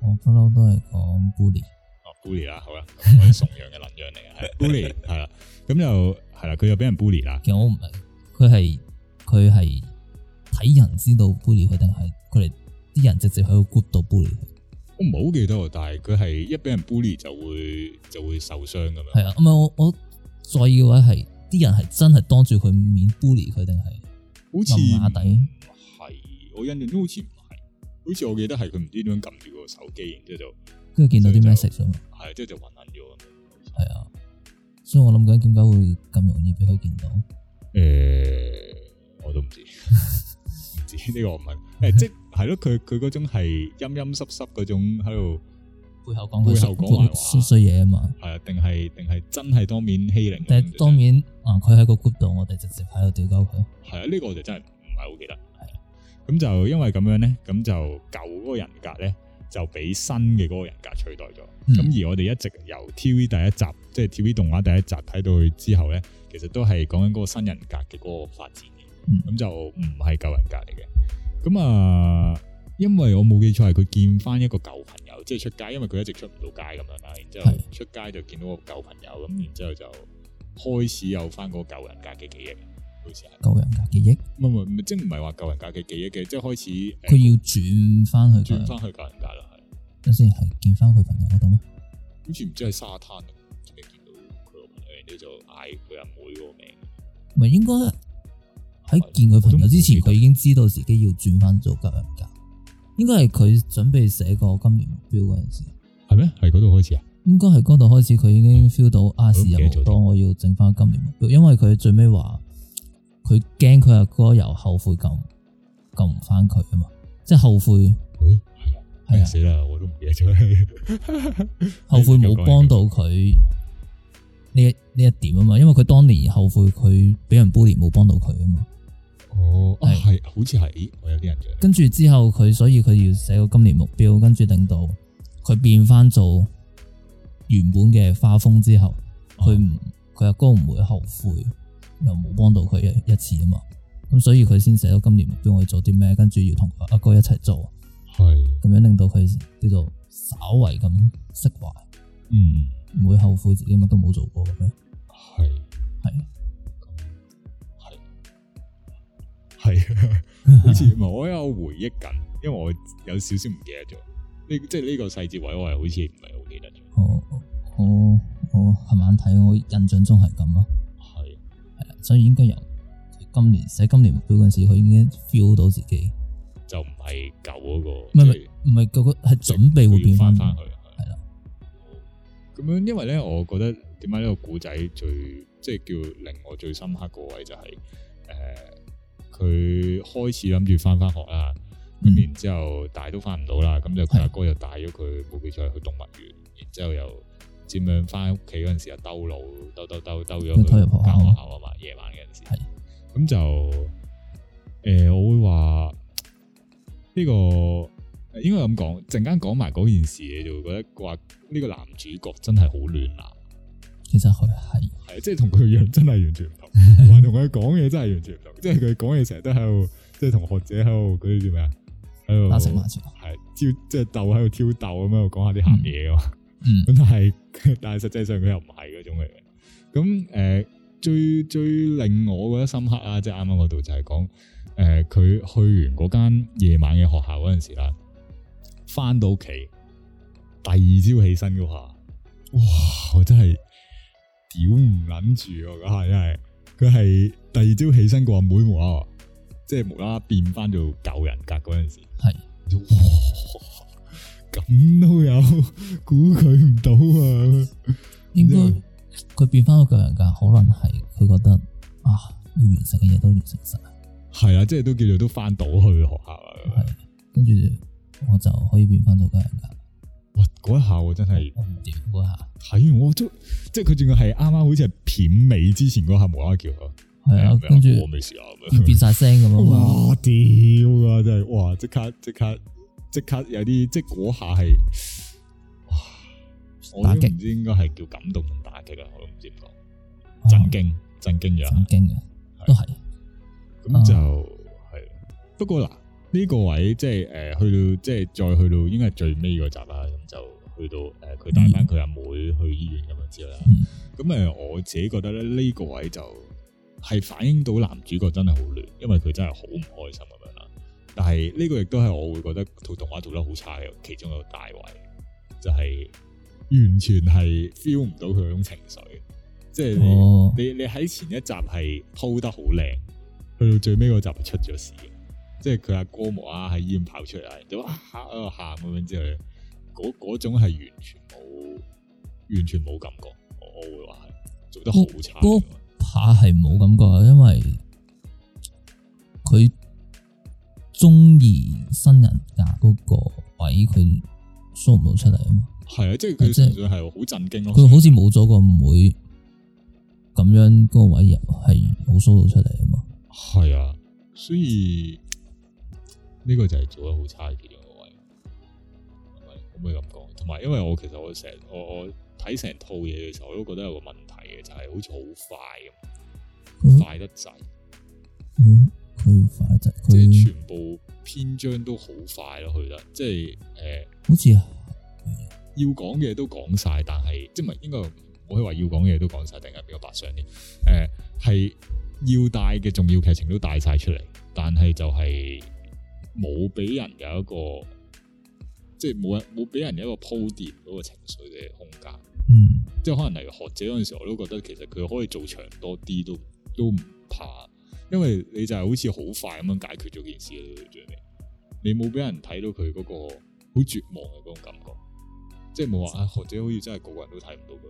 我不嬲都係講 bully，哦 bully 啦，好啦，我係崇洋嘅能量嚟啊，bully 係啦，咁又係啦，佢又俾人 bully 啦。 其實我唔係，佢係佢係睇人知道 bully 佢定係。佢哋啲人直接喺個 group 度 bully，我唔係好記得啊，但係佢係一俾人 bully 就會就會受傷咁樣。係啊，唔係我我在意嘅話係啲人係真係當住佢面 bully 佢定係？好似碼底係，我印象中好似唔係，好似我記得係佢唔知點樣撳住個手機，然之後就跟住見到啲 message。係啊，即係，之後就暈暈咗。係啊，所以我諗緊點解會咁容易俾佢見到？誒、欸，我都唔知，唔 知呢、這個唔問即、欸 係咯，佢佢嗰種係陰陰濕濕嗰種喺度背後講背後講衰衰嘢啊嘛，係啊，定係定係真係當面欺凌？定當面啊，佢喺個 group 度，我哋直接喺度屌鳩佢。係啊，呢、這個我就真係唔係好記得。係咁的就因為咁樣咧，咁就舊嗰個人格咧就俾新嘅嗰個人格取代咗。咁、嗯、而我哋一直由 TV 第一集，即、就、係、是、TV 動畫第一集睇到去之後咧，其實都係講緊嗰個新人格嘅嗰個發展嘅。咁、嗯、就唔係舊人格嚟嘅。咁啊、嗯，因為我冇記錯係佢見翻一個舊朋友，即係出街，因為佢一直出唔到街咁樣啦。然之後出街就見到個舊朋友，咁、嗯、然之後就開始有翻個舊人格嘅記憶。好似係舊人格記憶，唔唔唔，即係唔係話舊人格嘅記憶嘅，即係開始。佢要轉翻去，轉翻去舊人格咯，係。嗰時係見翻佢朋友嗰度咩？好似唔知係沙灘啊，突然見到佢個朋友，然之後嗌佢阿妹個名。唔係應該？喺見佢朋友之前，佢已經知道自己要轉翻做交易噶，應該係佢準備寫個今年目標嗰陣時係咩？係嗰度開始啊？應該係嗰度開始，佢已經 feel 到啊，事又無多，我要整翻今年目標，因為佢最尾話佢驚佢阿哥有後悔感，撳唔翻佢啊嘛，即係後悔。誒係、哎、啊，係啊，死啦！我都唔記得咗。後悔冇幫到佢呢一呢一點啊嘛，因為佢當年後悔佢畀人 bully 冇幫到佢啊嘛。Oh, 是哦，係，好似係，我有啲印象，跟住之後佢，所以佢要寫個今年目標，跟住令到佢變翻做原本嘅花楓之後，佢唔，佢、啊、阿哥唔會後悔，又冇幫到佢一一次啊嘛。咁所以佢先寫咗今年目標，我要做啲咩，跟住要同阿哥一齊做，係是，咁樣令到佢叫做稍為咁釋懷，是嗯，唔會後悔自己乜都冇做過嘅，係是，係。係啊， 好似我有回憶緊，因為我有少少唔記得咗。呢即係呢個細節位，我係好似唔係好記得咗。哦，我我尋晚睇，我印象中係咁咯。係係啦，所以應該由今年寫今年目標嗰陣時候，佢已經 feel 到自己就唔係舊嗰個，唔係唔係嗰個係準備會變翻翻去係啦。咁 的的樣因為咧，我覺得點解呢個古仔最即係、就是、叫令我最深刻個位就係、是、誒。呃佢開始諗住翻返學啦，咁然之後大都翻唔到啦，咁就佢阿哥又帶咗佢冇記錯去動物園，然之後又點樣翻屋企嗰陣時啊兜路兜兜兜兜咗去間學校啊嘛，夜、嗯、晚嗰陣時，咁是的 就誒、呃、我會話呢、這個應該咁講，陣間講埋嗰件事你就會覺得話呢個男主角真係好亂啦。其實佢係係即係同佢樣真係完全。同埋同佢講嘢真係完全唔同，即係佢講嘢成日都喺度，即係同學姐喺度，嗰啲叫咩啊？喺度拉扯拉扯，係跳即係鬥喺度挑逗咁樣講下啲鹹嘢噶嘛。咁但係但係實際上佢又唔係嗰種嚟嘅。咁誒最最令我覺得深刻啦，即係啱啱嗰度就係講誒佢去完嗰間夜晚嘅學校嗰陣時啦，翻到屋企第二朝起身嘅話，哇！我真係屌唔捻住嗰下真係。佢係第二朝起身個阿妹話，即係無啦啦變翻做舊人格嗰陣時，係是哇，咁都有估佢唔到啊！應該該佢變翻到舊人格，可能係佢覺得啊，要現實嘅嘢都完成晒，係啊，即係都叫做都翻到去學校啊。係，跟住我就可以變翻做舊人格。哇！嗰一下我真係，唔掂我都即係佢仲要係啱啱好似係片尾之前嗰下冇啦啦叫佢係啊，跟住我未想，變晒聲咁啊！哇！屌啊！真係哇！即刻即刻即刻有啲即係嗰下係，我都唔知應該係叫感動同打擊啊！我都唔知點講，震驚震驚樣，震驚啊，都係咁就係。不過嗱。呢個位即係誒，去、呃、到即係再去到應該，應該係最尾嗰集啦。咁就去到誒，佢帶翻佢阿妹去醫院咁樣之啦。咁啊、嗯，我自己覺得咧、呢，這個位就係反映到男主角真係好亂，因為佢真係好唔開心咁樣啦。但係呢個亦都係我會覺得套動畫做得好差嘅其中一個大位，就係、是、完全係 feel 唔到佢嗰種情緒。即、就、係、是、你、哦、你你喺前一集係鋪得好靚，去到最尾嗰集出咗事了。即係佢阿哥冇啊喺醫院跑出嚟，就話喺嗰度喊咁樣之類，嗰嗰種係完全冇，完全冇感覺。我我會話做得好差。嗰下係冇感覺，因為佢中意新人格嗰個位，佢 show 唔到出嚟啊嘛。係啊，即係佢純粹係好震驚咯。佢好似冇咗個妹咁樣嗰個位入係冇 show 到出嚟啊嘛。係啊，所以。呢個就係做得好差嘅，其中一個位係咪咁講？同埋，因為我其實我整我我睇成套嘢嘅時候，我都覺得有個問題嘅，就係、是、好似好快咁，嗯、快、嗯、快，快得滯。佢快得滯，即係全部篇章都好快咯。我覺得即係好似要講嘅都講晒、呃，但係即係唔係應該唔可以話要講嘅都講晒。突然間邊個白相啲？誒，係要帶嘅重要劇情都帶晒出嚟，但係就係。冇俾人有一個，即係冇人冇俾人一個鋪墊嗰個情緒嘅空間，嗯，即係可能嚟學姐嗰陣時，我都覺得其實佢可以做長多啲，都都唔怕，因為你就係好似好快咁樣解決咗件事咯，最你冇俾人睇到佢嗰個好絕望嘅嗰種感覺，即係冇話啊學姐好似真係個個人都睇唔到佢，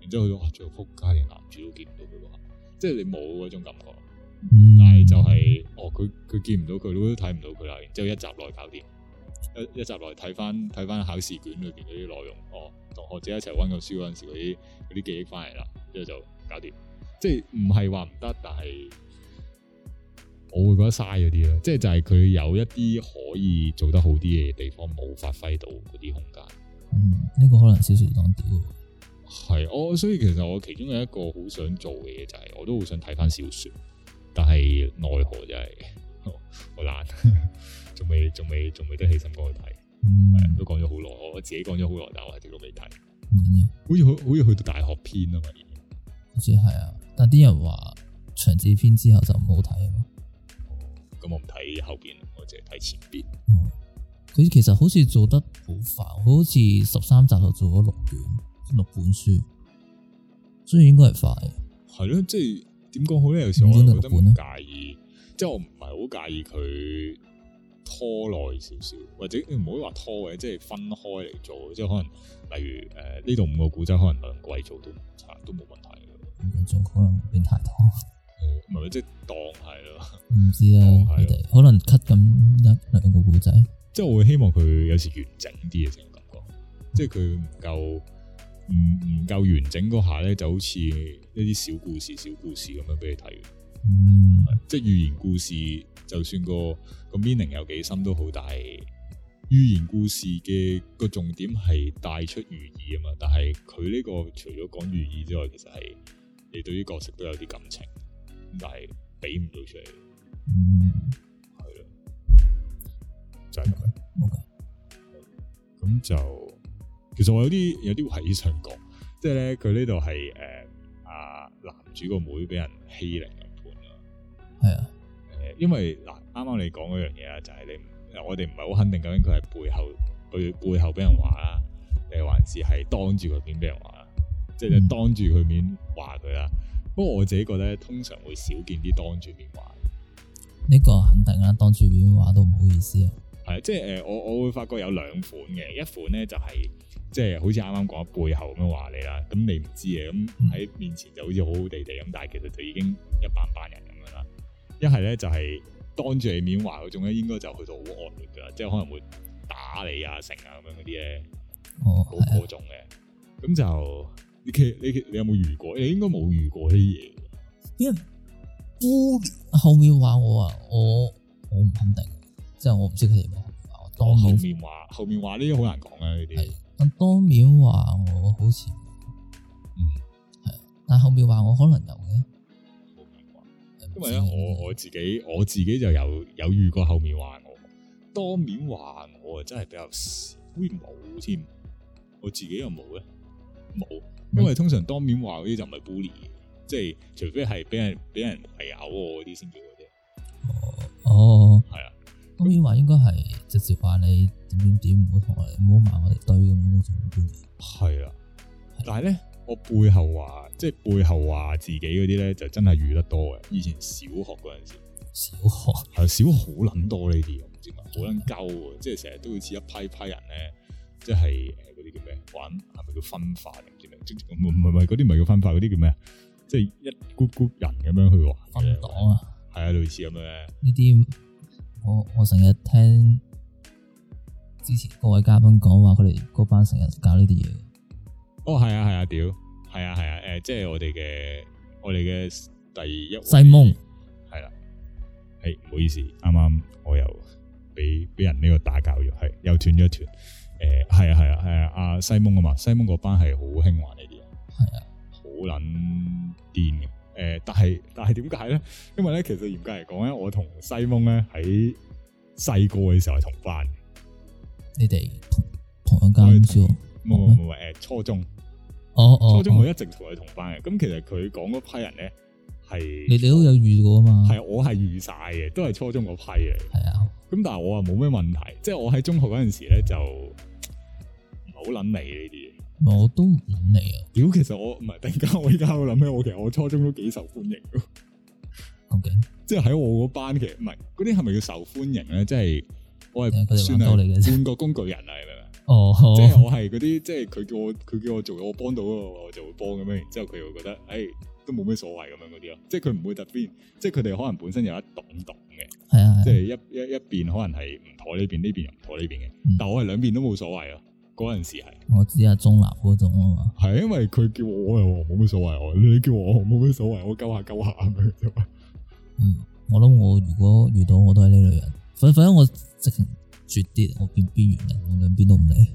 然之後去咗最仆街，連、啊、男主都見唔到佢咯，即係你冇嗰種感覺。嗯就係、是嗯、哦，佢佢見唔到佢，都睇唔到佢啦。然之後一集內搞掂，一一集內睇翻睇翻考試卷裏邊嗰啲內容，哦，同學姐一齊温過書嗰陣時嗰啲嗰啲記憶翻嚟啦，之後就搞掂。即係唔係話唔得，但係我會覺得嘥嗰啲咯。即係就係佢有一啲可以做得好啲嘅地方，冇發揮到嗰啲空間。嗯，呢、這個可能小說當啲。係我、哦、所以其實我其中有一個好想做嘅嘢就係、是，我都好想睇翻小說。但係奈何就係好難，仲未仲未仲未得起身過去睇，嗯，都講咗好耐，我自己講咗好耐，但我一直都未睇，好似好好似去到大學篇啊嘛呢啲，好似係啊，但啲人話長志篇之後就唔好睇啊嘛，咁，嗯，我唔睇後邊，我淨係睇前邊。佢，嗯，其實好似做得好快，好似十三集就做咗六本六本書，所以應該係快，係咯即係。就是點講好咧？有時我覺得唔介意，即係我唔係好介意佢拖耐少少，或者你唔可以話拖嘅，即係分開嚟做，嗯、即係可能例如誒呢度五個古仔，可能兩個做都唔差，都冇問題。五分鐘可能變太多，誒唔係，即、就、係、是、當係咯，唔知啦、啊，可能 cut 咁一兩個古仔。即係我會希望佢有時完整啲嘅，先、就是、感覺，嗯、即係佢唔夠唔唔夠完整嗰下咧，就好似。一啲小故事、小故事咁樣俾你睇，嗯，即係寓言故事，就算個個 meaning 有幾深都好，但係寓言故事嘅個重點係帶出寓意啊嘛。但係佢呢個除咗講寓意之外，其實係你對於角色都有啲感情，但係俾唔到出嚟，係咯、嗯，就係咁樣，OK。咁就其實我有啲有啲懷疑想講，即係咧佢呢度係誒。男主個妹俾人欺凌入半咯，係啊，誒，因為嗱，啱啱你講嗰樣嘢啊，就係、是、你，我哋唔係好肯定究竟佢係背後，佢背後俾人話啦，誒，還是係當住佢、就是、面俾人話啦，即係你當住佢面話佢啦。不過我自己覺得通常會少見啲當住面話，呢個肯定啦、啊，當住面話都唔好意思啊。係，即係誒，我我會發覺有兩款嘅，一款咧就係、是。即係好似啱啱講喺背後咁樣話你啦，咁你唔知嘅，咁喺面前就好似好好地地咁，但係其實就已經一班班人咁樣啦。一係咧就係當住你面話嗰種咧，應該就去到好惡劣噶，即係可能會打你啊、成啊咁樣嗰啲咧，好過重嘅。咁、哦、就你其實你你,你有冇遇過？你應該冇遇過呢啲嘢。因為，後面話我啊，我我唔肯定，即係我唔知佢哋點。當、哦、後面話後面話呢啲好難講嘅呢啲。的咁當面話我好似，嗯係，但後面話我可能有嘅，因為咧我我自己我自己就有有遇過後面話我，當面話我真係比較少，會冇添，我自己又冇咧，冇，因為通常當面話嗰啲就唔係 bully，即係除非係俾人俾人圍咬我嗰啲先叫嘅啫。哦咁樣話應該係直接話你點點點，唔好同我，唔好埋我哋堆，咁樣嘅狀態。係啊的，的但係咧，我背後話即係背後話自己嗰啲咧，就真係遇得多嘅。以前小學嗰陣時、嗯，小學係小學好捻多呢啲，我唔知點解好捻鳩嘅，即係成日都要似一批批人咧，即係誒嗰啲叫咩玩？係咪叫分化定唔知咩？唔唔唔，嗰啲唔係叫分化，嗰啲叫咩？即係一 group group 人咁樣去玩嘅。分黨啊，係啊，類似咁樣呢啲。些我我成日聽之前各位嘉賓講話，佢哋嗰班成日搞呢啲嘢。哦，係啊，係啊，屌，係啊，係啊，誒，即係我哋嘅我哋嘅第一位。西蒙。係啦，係唔好意思，啱啱我又畀俾人呢個打教育，係又斷咗一斷。誒，係啊，係啊，係啊，阿西蒙啊嘛，西蒙嗰班係好輕玩呢啲嘢，係啊，好撚癲嘅。誒，但係但係點解咧？因為咧，其實嚴格嚟講咧，我同西蒙咧喺細個嘅時候係同班。你哋同同一間唔知？冇冇冇，誒，初中哦哦，初中我一直同佢同班嘅。咁其實佢講嗰批人咧，係你哋都有遇過啊嘛？係我係遇晒嘅，都係初中嗰批嚟嘅。係啊，咁但係我啊冇咩問題，即係我喺中學嗰陣時咧就唔好諗你呢啲。我都唔諗你啊！屌，其實我唔係，突然間我依家我諗起，我，起我其實我初中都幾受歡迎嘅，究 Okay. 即係喺我嗰班其實唔係嗰啲係咪叫受歡迎咧？即係我係算係半個工具人嚟嘅，係咪 哦，即係我係嗰啲，即係佢叫我佢叫我做嘢，我幫到我就會幫咁樣，然之後佢又覺得誒、哎、都冇咩所謂咁樣嗰啲咯，即係佢唔會特別，即係佢哋可能本身有一檔檔嘅，係啊，即係一、啊、一一邊可能係唔妥呢邊，呢邊又唔妥呢邊嘅，嗯、但係我係兩邊都冇所謂啊。嗰陣時係，我知啊，中立嗰種啊嘛，係因為佢叫我我又冇咩所謂，你叫我我冇咩所謂，我鳩下鳩下咁、就是、樣啫。嗯，我諗我如果遇到我都係呢類人，反反正我直情絕啲。我變邊緣人，我兩邊都唔理，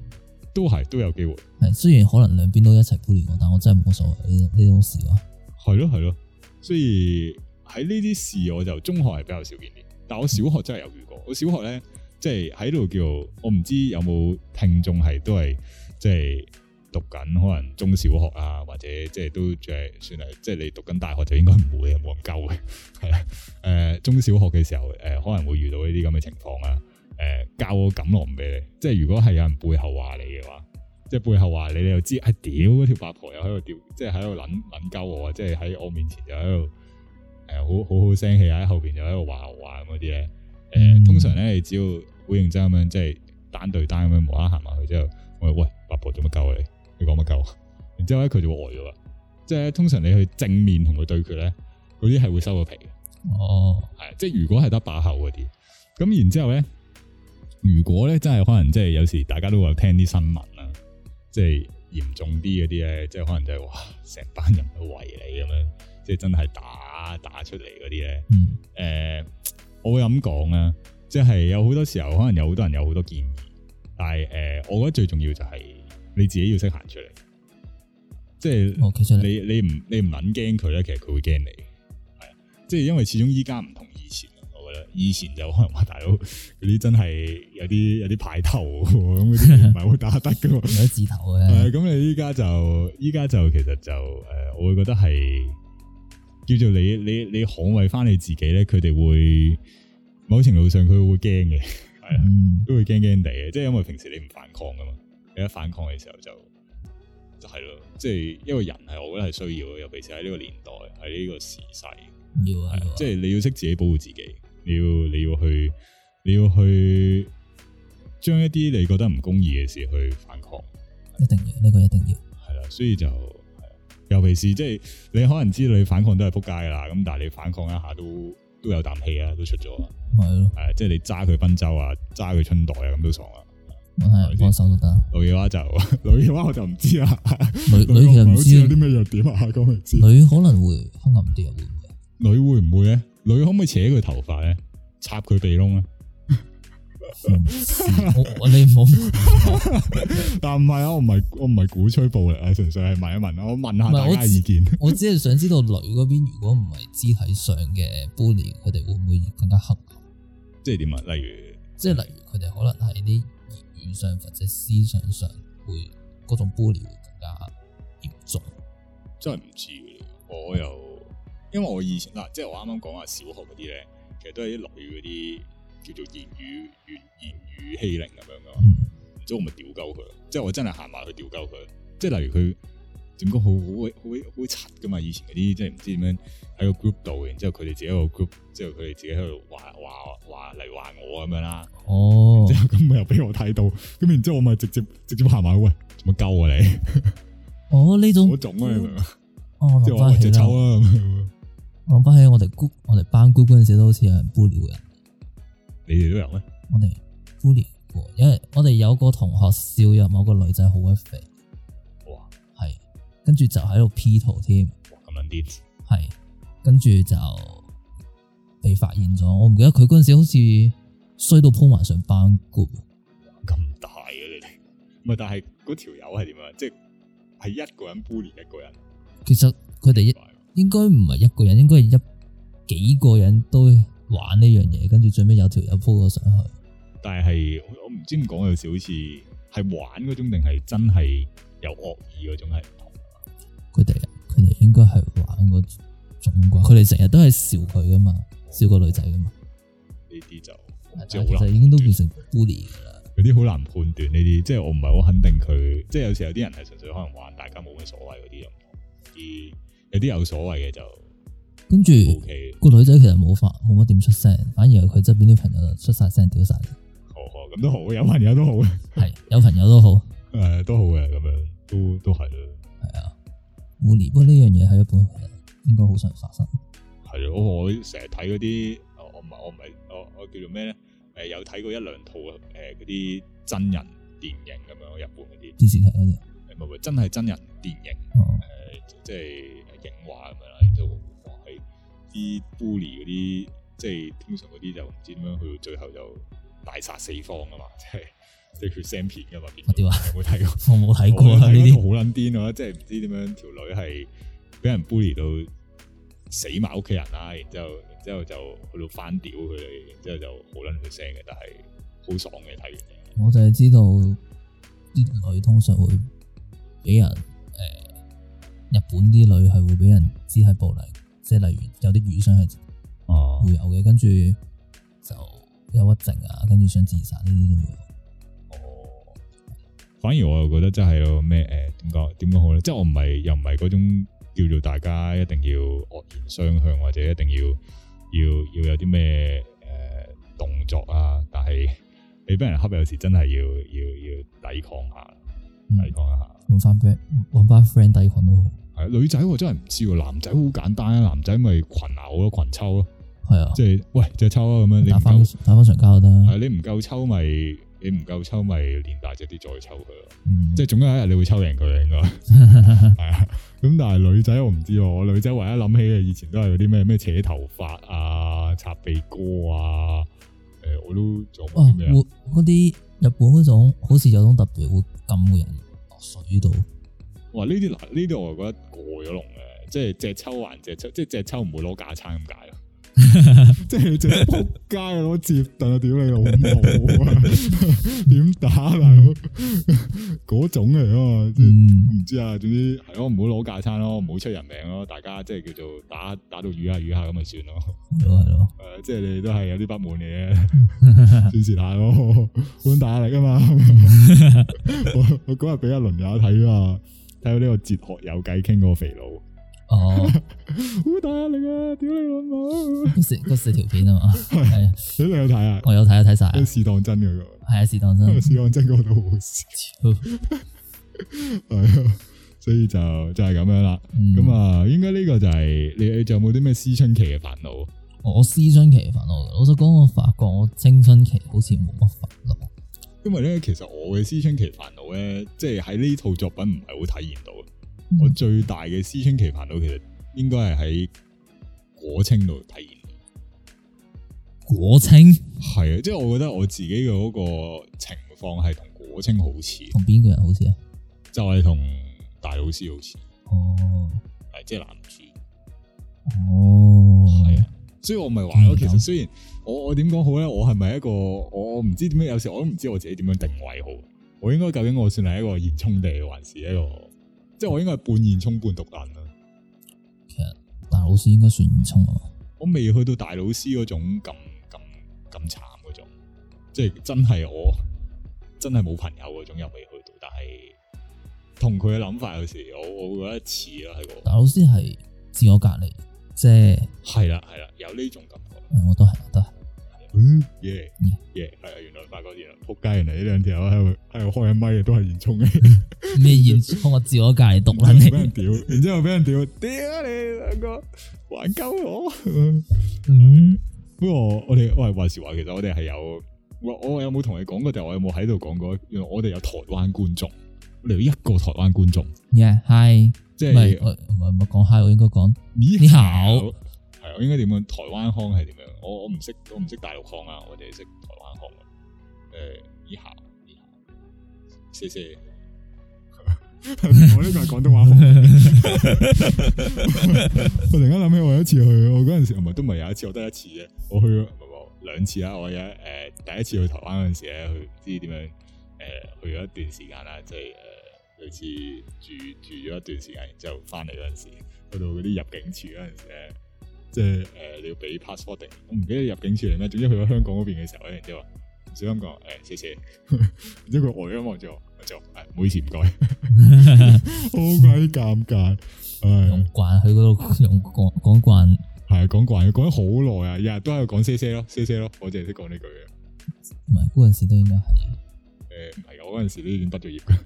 都係都有機會。係雖然可能兩邊都一齊 bully 我，但我真係冇乜所謂呢呢種事咯。係咯係咯，所以喺呢啲事我就中學係比較少見啲，但我小學真係有遇過。嗯、我小學咧。即係喺度叫，我唔知有冇聽眾係都係即係讀緊可能中小學啊，或者即係都算係即係你讀緊大學就應該唔會係冇人教嘅，係啦，誒、呃、中小學嘅時候誒、呃、可能會遇到呢啲咁嘅情況啊，誒、呃、教我敢落唔俾你，即係如果係有人背後話你嘅話，即係背後話你你又知，哎屌嗰條八婆又喺度屌，即係喺度諗諗鳩我，即係喺我面前就喺度誒好好好聲氣喺後邊就喺度話我話咁嗰啲咧。誒，嗯、通常咧，你只要好認真咁樣，即係單對單咁樣無啦啦行埋去之後，我話喂，八婆做乜鳩啊？你講乜鳩啊？然之後咧，佢就會呆咗喇！即係通常你去正面同佢對決咧，嗰啲係會收個皮嘅。哦，係，即係如果係得把口嗰啲，咁然之後咧，如果咧真係可能，即係有時大家都話聽啲新聞喇，即係嚴重啲嗰啲咧，即係可能就係、是、哇，成班人去圍你咁樣，即係真係打打出嚟嗰啲咧。誒、嗯。呃我會咁講啊，即係有好多時候，可能有好多人有好多建議，但係誒、呃，我覺得最重要就係你自己要識行出嚟。即係你、哦、你唔你唔肯驚佢咧，其實佢會驚你。係啊，即係因為始終依家唔同以前，我覺得以前就可能話大佬嗰啲真係有啲有啲排頭咁啲唔係好打得噶嘛，有 字頭嘅。咁、呃，你依家就依家就其實就誒、呃，我會覺得係。叫做你你你捍衛翻你自己咧，佢哋會某程度上佢會驚嘅，係啊，嗯、都會驚驚地嘅，即係因為平時你唔反抗噶嘛，你一反抗嘅時候就就係、是、咯，即係因為人係我覺得係需要，尤其是喺呢個年代喺呢個時勢，要係，即係你要識自己保護自己，你要你要去你要去將一啲你覺得唔公義嘅事去反抗，一定要呢、呢個一定要係啦，所以就。尤其是即係你可能知道你反抗都係撲街噶啦，咁但係你反抗一下都，都有啖氣啊，都出咗，係咯，誒，即係你揸佢賓周啊，揸佢春袋啊，咁都爽啦。我睇下，放手都得。女嘅話就，女嘅話我就唔知啦。女女嘅唔知有啲咩弱點啊，我唔知。女可能會凶狠啲啊，會唔會？女會唔會呢？女可唔可以扯佢頭髮呢？插佢鼻窿呢？我你唔好，但唔係啊！我唔係我唔係鼓吹暴力啊，純粹係問一問，我問下大家意見我。我只係想知道女嗰邊如果唔係肢體上嘅 bully，佢哋會唔會更加狠？即係點啊？例如，即係例如佢哋可能係啲言語上或者思想上會嗰種 bully 更加嚴重。真係唔知我又因為我以前嗱、啊，即係我啱啱講啊，小學嗰啲咧，其實都係啲女嗰啲。叫做言語、言言語欺凌咁樣噶，然之後我咪屌鳩佢，即係我真係行埋去屌鳩佢。即係例如佢點講，好好好好柒噶嘛，以前嗰啲即係唔知點樣喺個 group 度，然之後佢哋自己個 group，之後佢哋自己喺度話話話嚟話我咁樣啦。哦，之後咁咪又俾我睇到，咁然之後我咪直接直接行埋，喂，做乜鳩啊你？ 哦呢種嗰種啊，哦。講翻起啦，講翻起我哋 group 我哋班 group 嗰陣時都好似有人煲料人。你哋都有咩？我哋孤立過，因為我哋有個同學笑有某個女仔好鬼肥，哇，係，跟住就喺度 P 圖添，咁卵癲。係，跟住就被發現咗。我唔記得佢嗰陣時好似衰到鋪埋上班 group 咁大嘅、啊、你哋，唔係，但係嗰條友係點樣？即係係一個人孤立一個人，其實佢哋一應該唔係一個人，應該係一幾個人都。玩呢樣嘢，跟住最尾有條友鋪咗上去。但係我唔知點講，有少少似係玩嗰種，定係真係有惡意嗰種，係唔同。佢哋，佢哋應該係玩嗰種啩？佢哋成日都係笑佢噶嘛，哦、笑個女仔噶嘛。呢啲就其實已經都變成 bully 噶啦。有啲好難判斷呢啲，即係我唔係好肯定佢。即係有時有啲人係純粹可能玩，大家冇乜所謂嗰啲就，唔同。啲有啲有所謂嘅就。跟住 Okay. 個女仔其實冇法冇乜點出聲，反而佢側邊啲朋友就出晒聲，屌晒。哦哦，咁都好，有朋友都好啊。係 有朋友都好，哎，都好，誒都好嘅咁樣，都都係咯。係啊，互聯不過呢樣嘢喺日本應該好常發生。係我我成日睇嗰啲，我唔唔我唔係我我叫做咩咧？誒、呃、有睇過一兩套誒嗰啲真人電影咁樣，日本嗰啲電視劇嗰啲，唔係唔真係真人電影，誒、oh. 呃、即係映畫咁樣啦，都。啲 bully 嗰啲，bullying，即係通常嗰啲就唔知點樣去到最後就大殺四方啊嘛！即係即係血腥片噶嘛，點啊？麼我冇睇過，我冇睇過呢啲好撚癲啊！即係唔知點樣條女係俾人 bully 到死埋屋企人啦，然之後，然之後就去到翻屌佢哋，然之後就好撚血腥嘅，但係好爽嘅睇完。我就係知道啲女通常會俾人誒、呃，日本啲女係會俾人肢體暴力。即係例如有啲瘀傷係會有嘅，跟住、啊、就有抑鬱症啊，跟住想自殺呢啲咁樣。哦，反而我又覺得真係咩誒點講點講好咧？即係我唔係又唔係嗰種叫做大家一定要惡言相向或者一定要要要有啲咩誒動作啊，但係你畀人恰有時真係要要要抵抗下，抵抗一下。揾翻 friend 揾翻 friend 抵抗都女仔我真係唔知喎，男仔好簡單啊，男仔咪群毆咯，群抽咯，係啊，即係喂，即抽啊咁樣你，打翻打翻上交得啦。係你唔夠抽咪，你唔夠抽咪，練大隻啲再抽佢咯。嗯、即係總有一日你會抽贏佢嘅，應該係啊。咁 但係女仔我唔知啊，女仔唯一諗起嘅以前都係嗰啲咩咩扯頭髮啊、擦鼻哥啊，誒、呃，我都做唔到。嗰啲、哦、日本嗰種，好似有種特別會嘅人落水度。哇！呢啲嗱，呢啲我覺得過咗龍嘅，即係隻抽還隻抽，即係隻抽唔會攞架撐咁解咯，即係仲仆街攞折凳啊屌你老母啊！點打啊？嗰種嚟啊，即係唔知啊。總之係咯，唔好攞架撐咯，唔好出人命咯。大家即係叫做打打到雨下雨下咁咪算咯，係咯、嗯。誒，即係你都係有啲不滿嘅，支持下咯，好大壓力啊嘛！ 我我嗰日俾阿倫友睇啊。睇到呢個哲學有偈傾嗰個肥佬哦， 好大壓力啊！屌你老母，嗰嗰四條片啊嘛，係啊，你都有睇啊？我有睇啊，睇晒，當試當真噶，係啊，試當真，試當真講到好好笑，係啊，所以就就係、是、咁樣啦。咁啊、嗯，應該呢個就係、是、你，仲有冇啲咩思春期嘅煩惱？我思春期嘅煩惱，老實講，我發覺我青春期好似冇乜煩惱。因為咧，其實我嘅思春期煩惱咧，即係喺呢套作品唔係好體現到。嗯、我最大嘅思春期煩惱，其實應該係喺果青度體現到。果青？係啊、嗯，即係我覺得我自己嘅嗰個情況係同果青好似。同邊個人好似啊？就係同大老師好似。哦，係即係男主。哦，係啊，所以我咪話咯，我其實雖然。我我點講好咧？我係咪一個，我唔知點樣，有時我都唔知我自己點樣定位好？我應該，究竟我算係一個現充地，還是一個即係我應該係半現充半獨行咯？其實大老師應該算現充啊！我未去到大老師嗰種咁咁咁慘嗰種，即係真係我真係冇朋友嗰種又未去到，但係同佢嘅諗法有時我我覺得似啦係。這個，大老師係自我隔離，即係係啦係啦，有呢種感覺，嗯、我都係都係。嗯耶，耶，a 係啊，原來八哥又仆街，來兩人來呢兩條友喺度喺度開緊麥，都係延沖嘅。咩延沖？我自我隔籬讀啦、啊，俾 人屌，然之後俾人屌屌啊你兩個，還救我。嗯，不過我哋喂話時話，其實我哋係有，我我有冇同你講過？定係我有冇喺度講過？原來我哋有台灣觀眾，嚟一個台灣觀眾。耶，hi 即係唔係唔係講 hi，應該講 你好。我應該點樣？台灣腔係點樣？我我唔識，我唔識大陸腔啊！我哋識台灣腔啊！誒、呃，以下以下，謝謝。 我呢個係廣東話。 我突然間諗起我有一次去，我嗰陣時唔係都唔係有一次，我得一次啫。我去咗唔係兩次啊。我而家誒，第一次去台灣嗰陣時咧，去唔知點樣誒，去咗一段時間啦，即係誒、呃，類似住住咗一段時間，然之後翻嚟嗰陣時，去到嗰啲入境處嗰陣時咧，即係誒、呃，你要俾 passport 定？我唔記得入境處嚟咩？總之去咗香港嗰邊嘅時候咧，然之後唔小心講誒，謝謝。然之後佢呆咗望住我，就唔、欸、好意思，唔該， 好鬼尷尬。 嗯、用慣佢嗰度用，講講慣，係講慣，講咗好耐啊！日日都喺度講謝謝咯，謝謝咯，我淨係識講呢句嘢。唔係嗰陣時都應該係。唔係我嗰陣時都已經畢咗業嘅，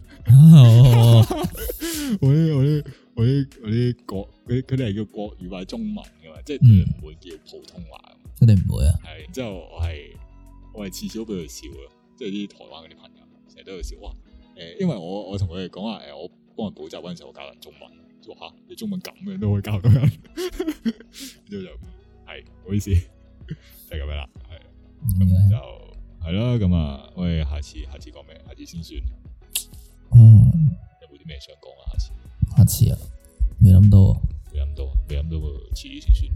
我啲、oh. 我啲我啲我啲國佢哋係叫國語或者中文嘅嘛，即係佢哋唔會叫普通話，佢哋唔會啊。係之後我係我係次次都俾佢笑咯，即係啲台灣嗰啲朋友成日都有笑。哇！誒，因為我我同佢哋講啊，誒，我幫人補習嗰陣時候我教人中文，話吓你中文咁樣都可以教到人，之 後就係，唔好意思，就係、是、咁樣啦，係咁就。Okay. 係囉，咁啊，喂，下次下次講咩？下次先算。嗯，有冇啲咩想講啊？下次，下次，下次、嗯、有有啊，未諗、啊、到，啊！未諗到，啊！未諗到喎，遲啲先算。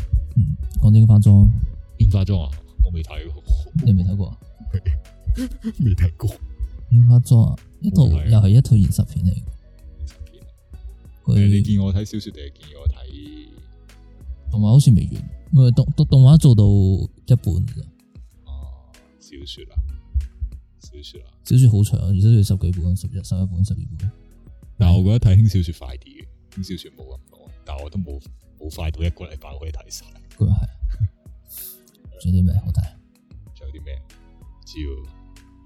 講啲咩櫻花莊？櫻花莊啊？我未睇，你未睇過？未睇過。櫻花莊啊？一套又係一套現實片嚟。現實片啊！佢以、嗯、你見我睇小說定係見我睇動畫？好似未完，唔係動動動畫做到一半小說啊，小說啦，小說好長，小說十幾本，十一、十一本、十二本。但我覺得睇輕小說快啲嘅，輕小說冇咁多，但我都冇冇快到一個禮拜可以睇晒。咁又係。仲有啲咩好睇？仲有啲咩？只要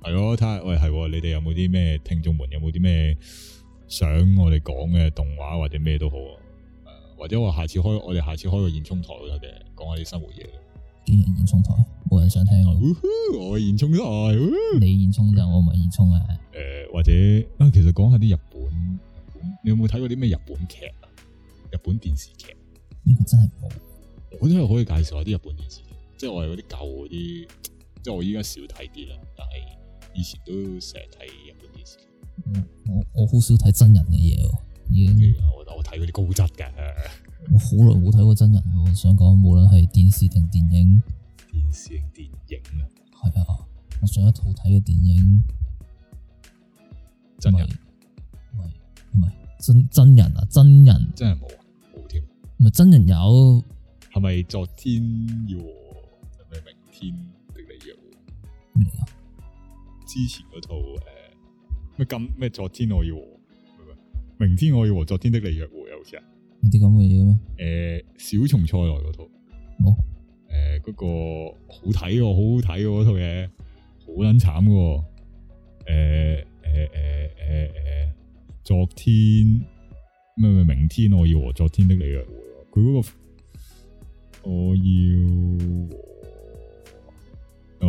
係咯，睇下、嗯、喂，係、哦、你哋有冇啲咩，聽眾們有冇啲咩想我哋講嘅動畫或者咩都好啊、呃，或者我下次開，我哋下次開個演說台嘅，講下啲生活嘢，嘅演說台。冇人想聽我，我現充得嚟，你現充得，我唔係現充啊。誒、呃呃，或者啊，其實講下啲日，日本，你有冇睇過啲咩日本劇啊？日本電視劇？呢個、嗯、真係冇。我真係可以介紹下啲日本電視劇，即係我係啲舊嗰啲，即係我依家少睇啲啦。但係以前都成日睇日本電視劇、嗯。我我好少睇真人嘅嘢、啊。已經啊、嗯，我我睇嗰啲高質嘅。我好耐冇睇過真人。我想講，無論係電視定電影。試影電影啊！係啊，我上一套睇嘅電影，真人，唔係唔係真人啊！真人真係冇啊，冇添，啊。唔係真人有，係咪昨天要和？係咪明天的你約會？未啊麼？之前嗰套咩咁咩？呃、昨天我要，和？明天我要和昨天的你約會有似啊？有啲咁嘅嘢咩？誒、呃，小松菜奈嗰套。嗰、那個好睇喎，好看、哦、好睇喎、哦，嗰套嘢好撚慘喎。誒誒誒誒，昨天咩，明天我要和昨天的你約會。佢嗰、那個我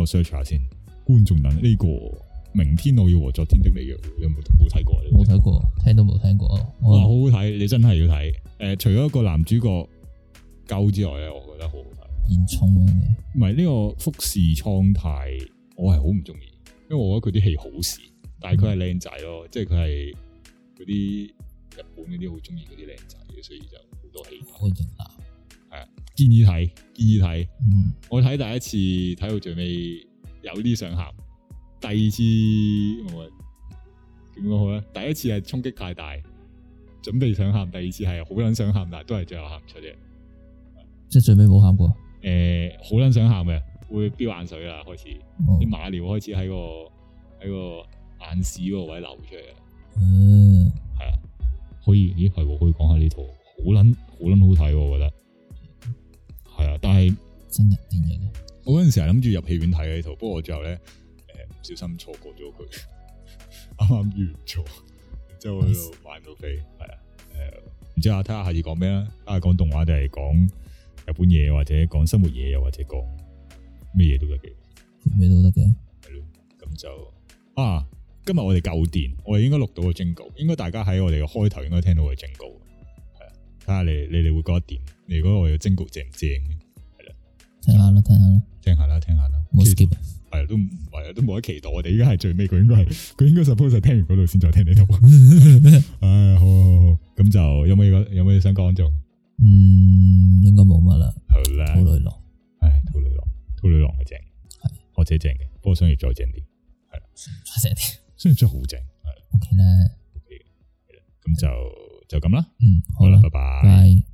要我 search 下先。觀眾問呢個明天我要和昨天的你約會有冇，冇睇過、啊？冇睇過，聽都冇聽過。我話、哦哦、好好睇，你真係要睇。誒、呃，除咗一個男主角鳩之外我覺得好。現充啊！唔係呢個福士蒼太，我係好唔中意，因為我覺得佢啲戲好屎，但係佢係靚仔咯，即係佢係嗰啲日本嗰啲好中意嗰啲靚仔，所以就好多戲。係啊，建議睇，建議睇。嗯，我睇第一次睇到最尾有啲想喊，第二次我點講好呢？第一次係衝擊太大，準備想喊，第二次係好想喊，但係都係最後喊唔出嘅。即係最尾冇喊過。誒，好撚、呃、想喊嘅，會飆眼水啦，開始啲、嗯、馬尿開始喺個喺個眼屎嗰個位流出嚟啦。嗯，係啊，可以，咦係喎，可以講下呢套，好撚，好撚好睇，我覺得係啊。但係真人電影咧，我嗰陣時係諗住入戲院睇嘅呢套，不過我最後咧，誒、呃、唔小心錯過咗佢，啱 啱完咗， 之後喺度買唔到飛，係啊，誒、呃，然之後睇下下次講咩啦，睇下講動畫定係講。日本嘢，或者講生活嘢，又或者講咩嘢都得嘅，咩都得嘅係咯。咁就啊，今日我哋夠電，我哋應該錄到個 jingle，應該大家喺我哋嘅開頭應該聽到個 jingle 係啊。睇下你，你哋會覺得點？你哋覺得我哋嘅 jingle 正唔正？聽下咯，聽下咯，聽下啦，聽下啦。係、哎、啊，哎、都係啊，都冇得期待。我哋依家係最尾，佢應該係佢應該 suppose 係聽完嗰度先再聽呢度。唉、 哎，好好好，好，咁就有冇嘢？有冇嘢想講就？有嗯，應該冇乜啦。好啦吧，兔女郎。唉，兔女郎。兔女郎係正，係，我真係正嘅，不過想要再正啲，係啦，再正啲，雖然真係好正，係。O K 啦，O K，係啦，咁就的就咁啦。嗯，好啦，好吧拜拜。拜拜